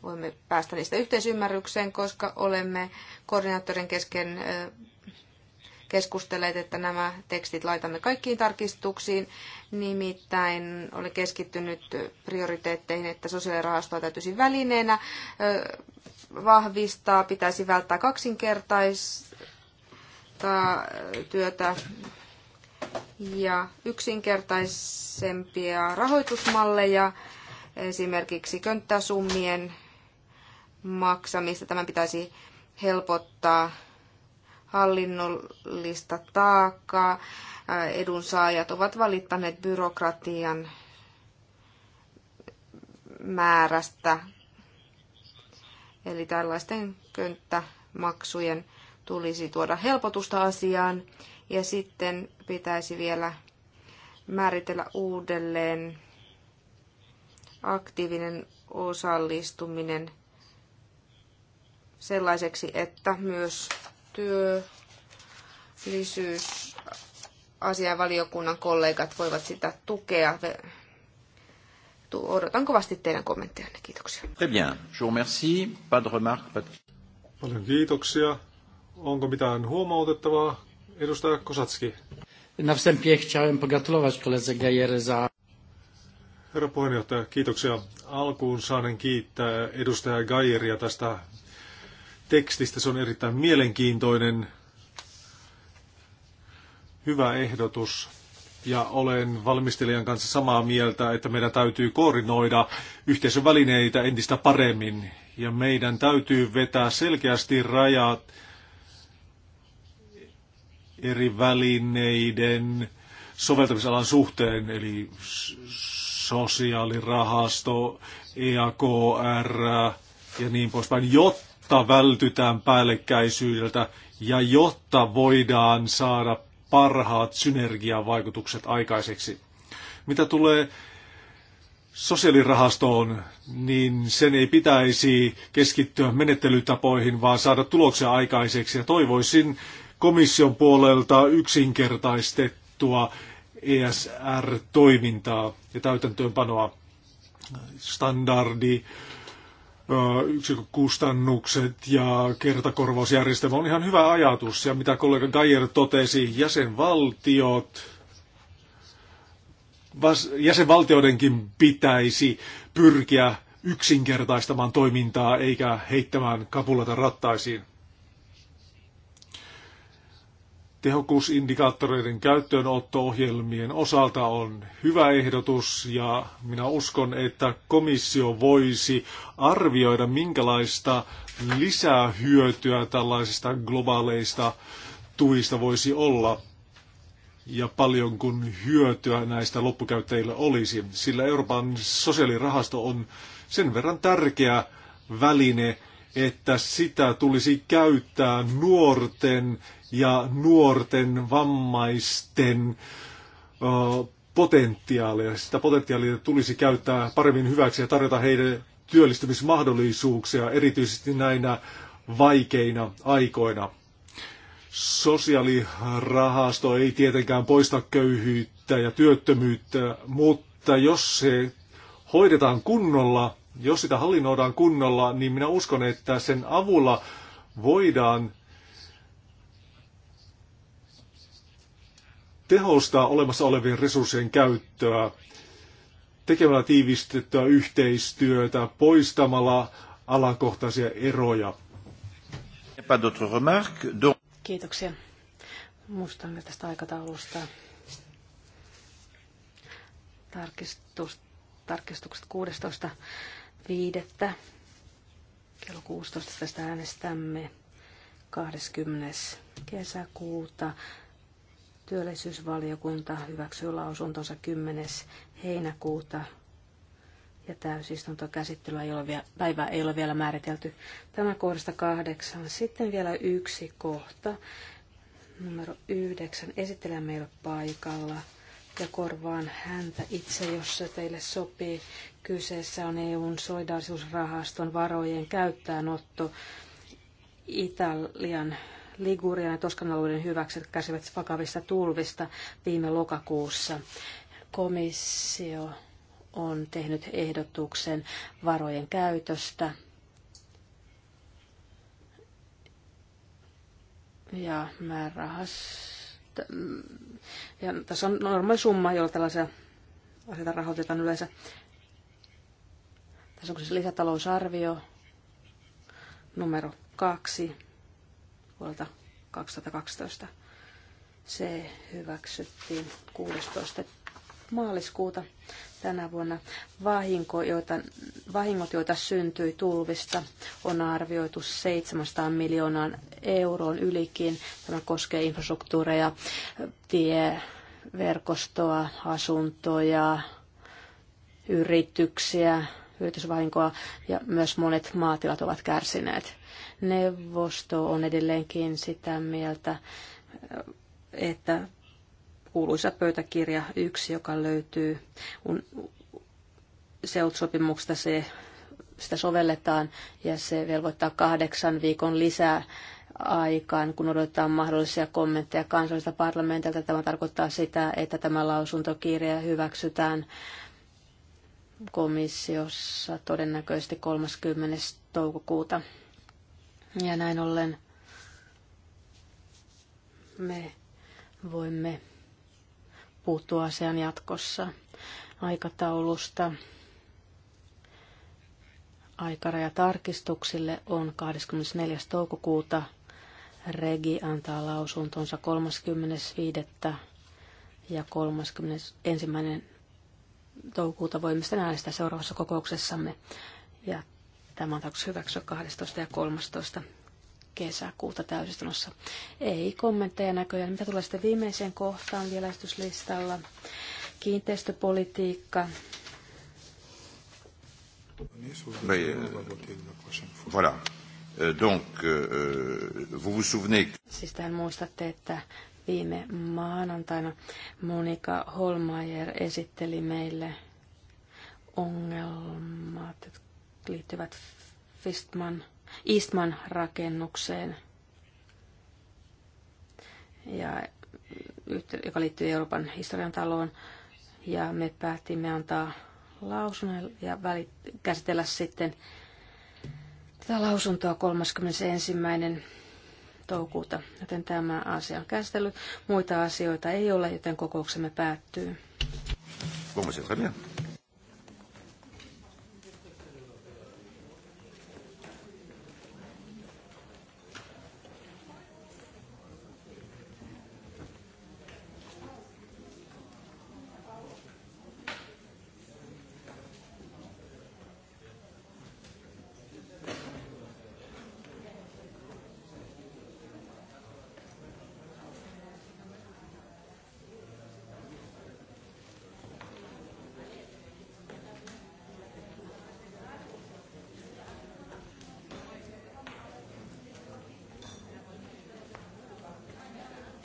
voimme päästä niistä yhteisymmärrykseen, koska olemme koordinaattorin kesken keskustelleet, että nämä tekstit laitamme kaikkiin tarkistuksiin. Nimittäin olen keskittynyt prioriteetteihin, että sosiaalirahastoa täytyisi välineenä vahvistaa, pitäisi välttää kaksinkertaista työtä ja yksinkertaisempia rahoitusmalleja, esimerkiksi könttäsummien maksamista. Tämän pitäisi helpottaa hallinnollista taakkaa. Äh, edunsaajat ovat valittaneet byrokratian määrästä, eli tällaisten könttämaksujen tulisi tuoda helpotusta asiaan ja sitten pitäisi vielä määritellä uudelleen aktiivinen osallistuminen sellaiseksi, että myös työllisyys asianvaliokunnan kollegat voivat sitä tukea. Odotan kovasti teidän kommenttejanne. Kiitoksia. Très bien. Je vous remercie. Pas de remarque, pas de... Paljon kiitoksia. Onko mitään huomautettavaa? Edustaja Kosatski. Na wstępie chciałem pogratulować koledze Gajery za... Herra puheenjohtaja, kiitoksia. Alkuun saanen kiittää edustaja Gajeria tästä tekstistä. Se on erittäin mielenkiintoinen, hyvä ehdotus. Ja olen valmistelijan kanssa samaa mieltä, että meidän täytyy koordinoida yhteisön välineitä entistä paremmin. Ja meidän täytyy vetää selkeästi rajat eri välineiden soveltamisalan suhteen, eli sosiaalirahasto, EAKR ja niin poispäin, jotta jotta vältytään päällekkäisyydeltä ja jotta voidaan saada parhaat synergiavaikutukset aikaiseksi. Mitä tulee sosiaalirahastoon, niin sen ei pitäisi keskittyä menettelytapoihin, vaan saada tuloksia aikaiseksi. Ja toivoisin komission puolelta yksinkertaistettua ESR-toimintaa ja täytäntöönpanoa. Standardi yksikkökustannukset ja kertakorvausjärjestelmä on ihan hyvä ajatus. Ja mitä kollega Geyer totesi, jäsenvaltiot, jäsenvaltioidenkin pitäisi pyrkiä yksinkertaistamaan toimintaa eikä heittämään kapulata rattaisiin. Tehokkuusindikaattoreiden käyttöönotto-ohjelmien osalta on hyvä ehdotus ja minä uskon, että komissio voisi arvioida, minkälaista lisähyötyä tällaisista globaaleista tuista voisi olla ja paljon kun hyötyä näistä loppukäyttäjillä olisi, sillä Euroopan sosiaalirahasto on sen verran tärkeä väline, että sitä tulisi käyttää nuorten ja nuorten, vammaisten potentiaalia. Sitä potentiaalia tulisi käyttää paremmin hyväksi ja tarjota heille työllistymismahdollisuuksia, erityisesti näinä vaikeina aikoina. Sosiaalirahasto ei tietenkään poista köyhyyttä ja työttömyyttä, mutta jos se hoidetaan kunnolla, jos sitä hallinnoidaan kunnolla, niin minä uskon, että sen avulla voidaan tehostaa olemassa olevien resurssien käyttöä tekemällä tiivistettyä yhteistyötä, poistamalla alakohtaisia eroja. Kiitoksia. Muistan tästä aikataulusta. Tarkistus, tarkistukset 16.5. Kello 16 tästä äänestämme 20. kesäkuuta Työllisyysvaliokunta hyväksyy lausuntonsa 10. heinäkuuta ja täysistuntokäsittelyä ei ole vielä, päivää ei ole vielä määritelty. Tämä kohdasta kahdeksan. Sitten vielä yksi kohta. Numero yhdeksän. Esittelee meillä paikalla ja korvaan häntä itse, jos se teille sopii. Kyseessä on EUn solidaarisuusrahaston varojen käyttäänotto Italian Ligurian ja Toskan alueiden hyväksi käsivät vakavista tulvista viime lokakuussa. Komissio on tehnyt ehdotuksen varojen käytöstä ja määrärahasta. Ja tässä on normaali summa, jolla tällaisia asioita rahoitetaan yleensä. Tässä on siis lisätalousarvio numero kaksi vuodelta 2012. Se hyväksyttiin 16. maaliskuuta tänä vuonna. Vahinko, joita, vahingot, joita syntyi tulvista, on arvioitu 700 miljoonaan euroon ylikin. Tämä koskee infrastruktuureja, tieverkostoa, asuntoja, yrityksiä, yritysvahinkoa ja myös monet maatilat ovat kärsineet. Neuvosto on edelleenkin sitä mieltä, että kuuluisa pöytäkirja 1, joka löytyy SEUT-sopimuksesta, se, sitä sovelletaan ja se velvoittaa kahdeksan viikon lisää aikaan, kun odotetaan mahdollisia kommentteja kansallisesta parlamentilta. Tämä tarkoittaa sitä, että tämä lausuntokirja hyväksytään komissiossa todennäköisesti 30. toukokuuta ja näin ollen me voimme puuttua asian jatkossa aikataulusta. Aikaraja tarkistuksille on 24. toukokuuta. Regi antaa lausuntonsa 35. ja 31. toukokuuta voimme sitten äänestää seuraavassa kokouksessamme. Ja Tämä on tarkoitus hyväksyä 12. ja 13. kesäkuuta täysistunnossa. Ei kommentteja näköjään. Mitä tulee sitten viimeiseen kohtaan vielä vieläistyslistalla? Kiinteistöpolitiikka. Euh, voilà. Euh, donc, euh, vous vous souvenez... Siis tähän muistatte, että viime maanantaina Monika Holmeier esitteli meille ongelmat, jotka liittyvät Fistman, Eastman rakennukseen, ja, joka liittyy Euroopan historian taloon. Ja me päätimme antaa lausunnon ja välit, käsitellä sitten tätä lausuntoa 31 toukokuuta, joten tämä asia on käsitellyt. Muita asioita ei ole, joten kokouksemme päättyy. Bon,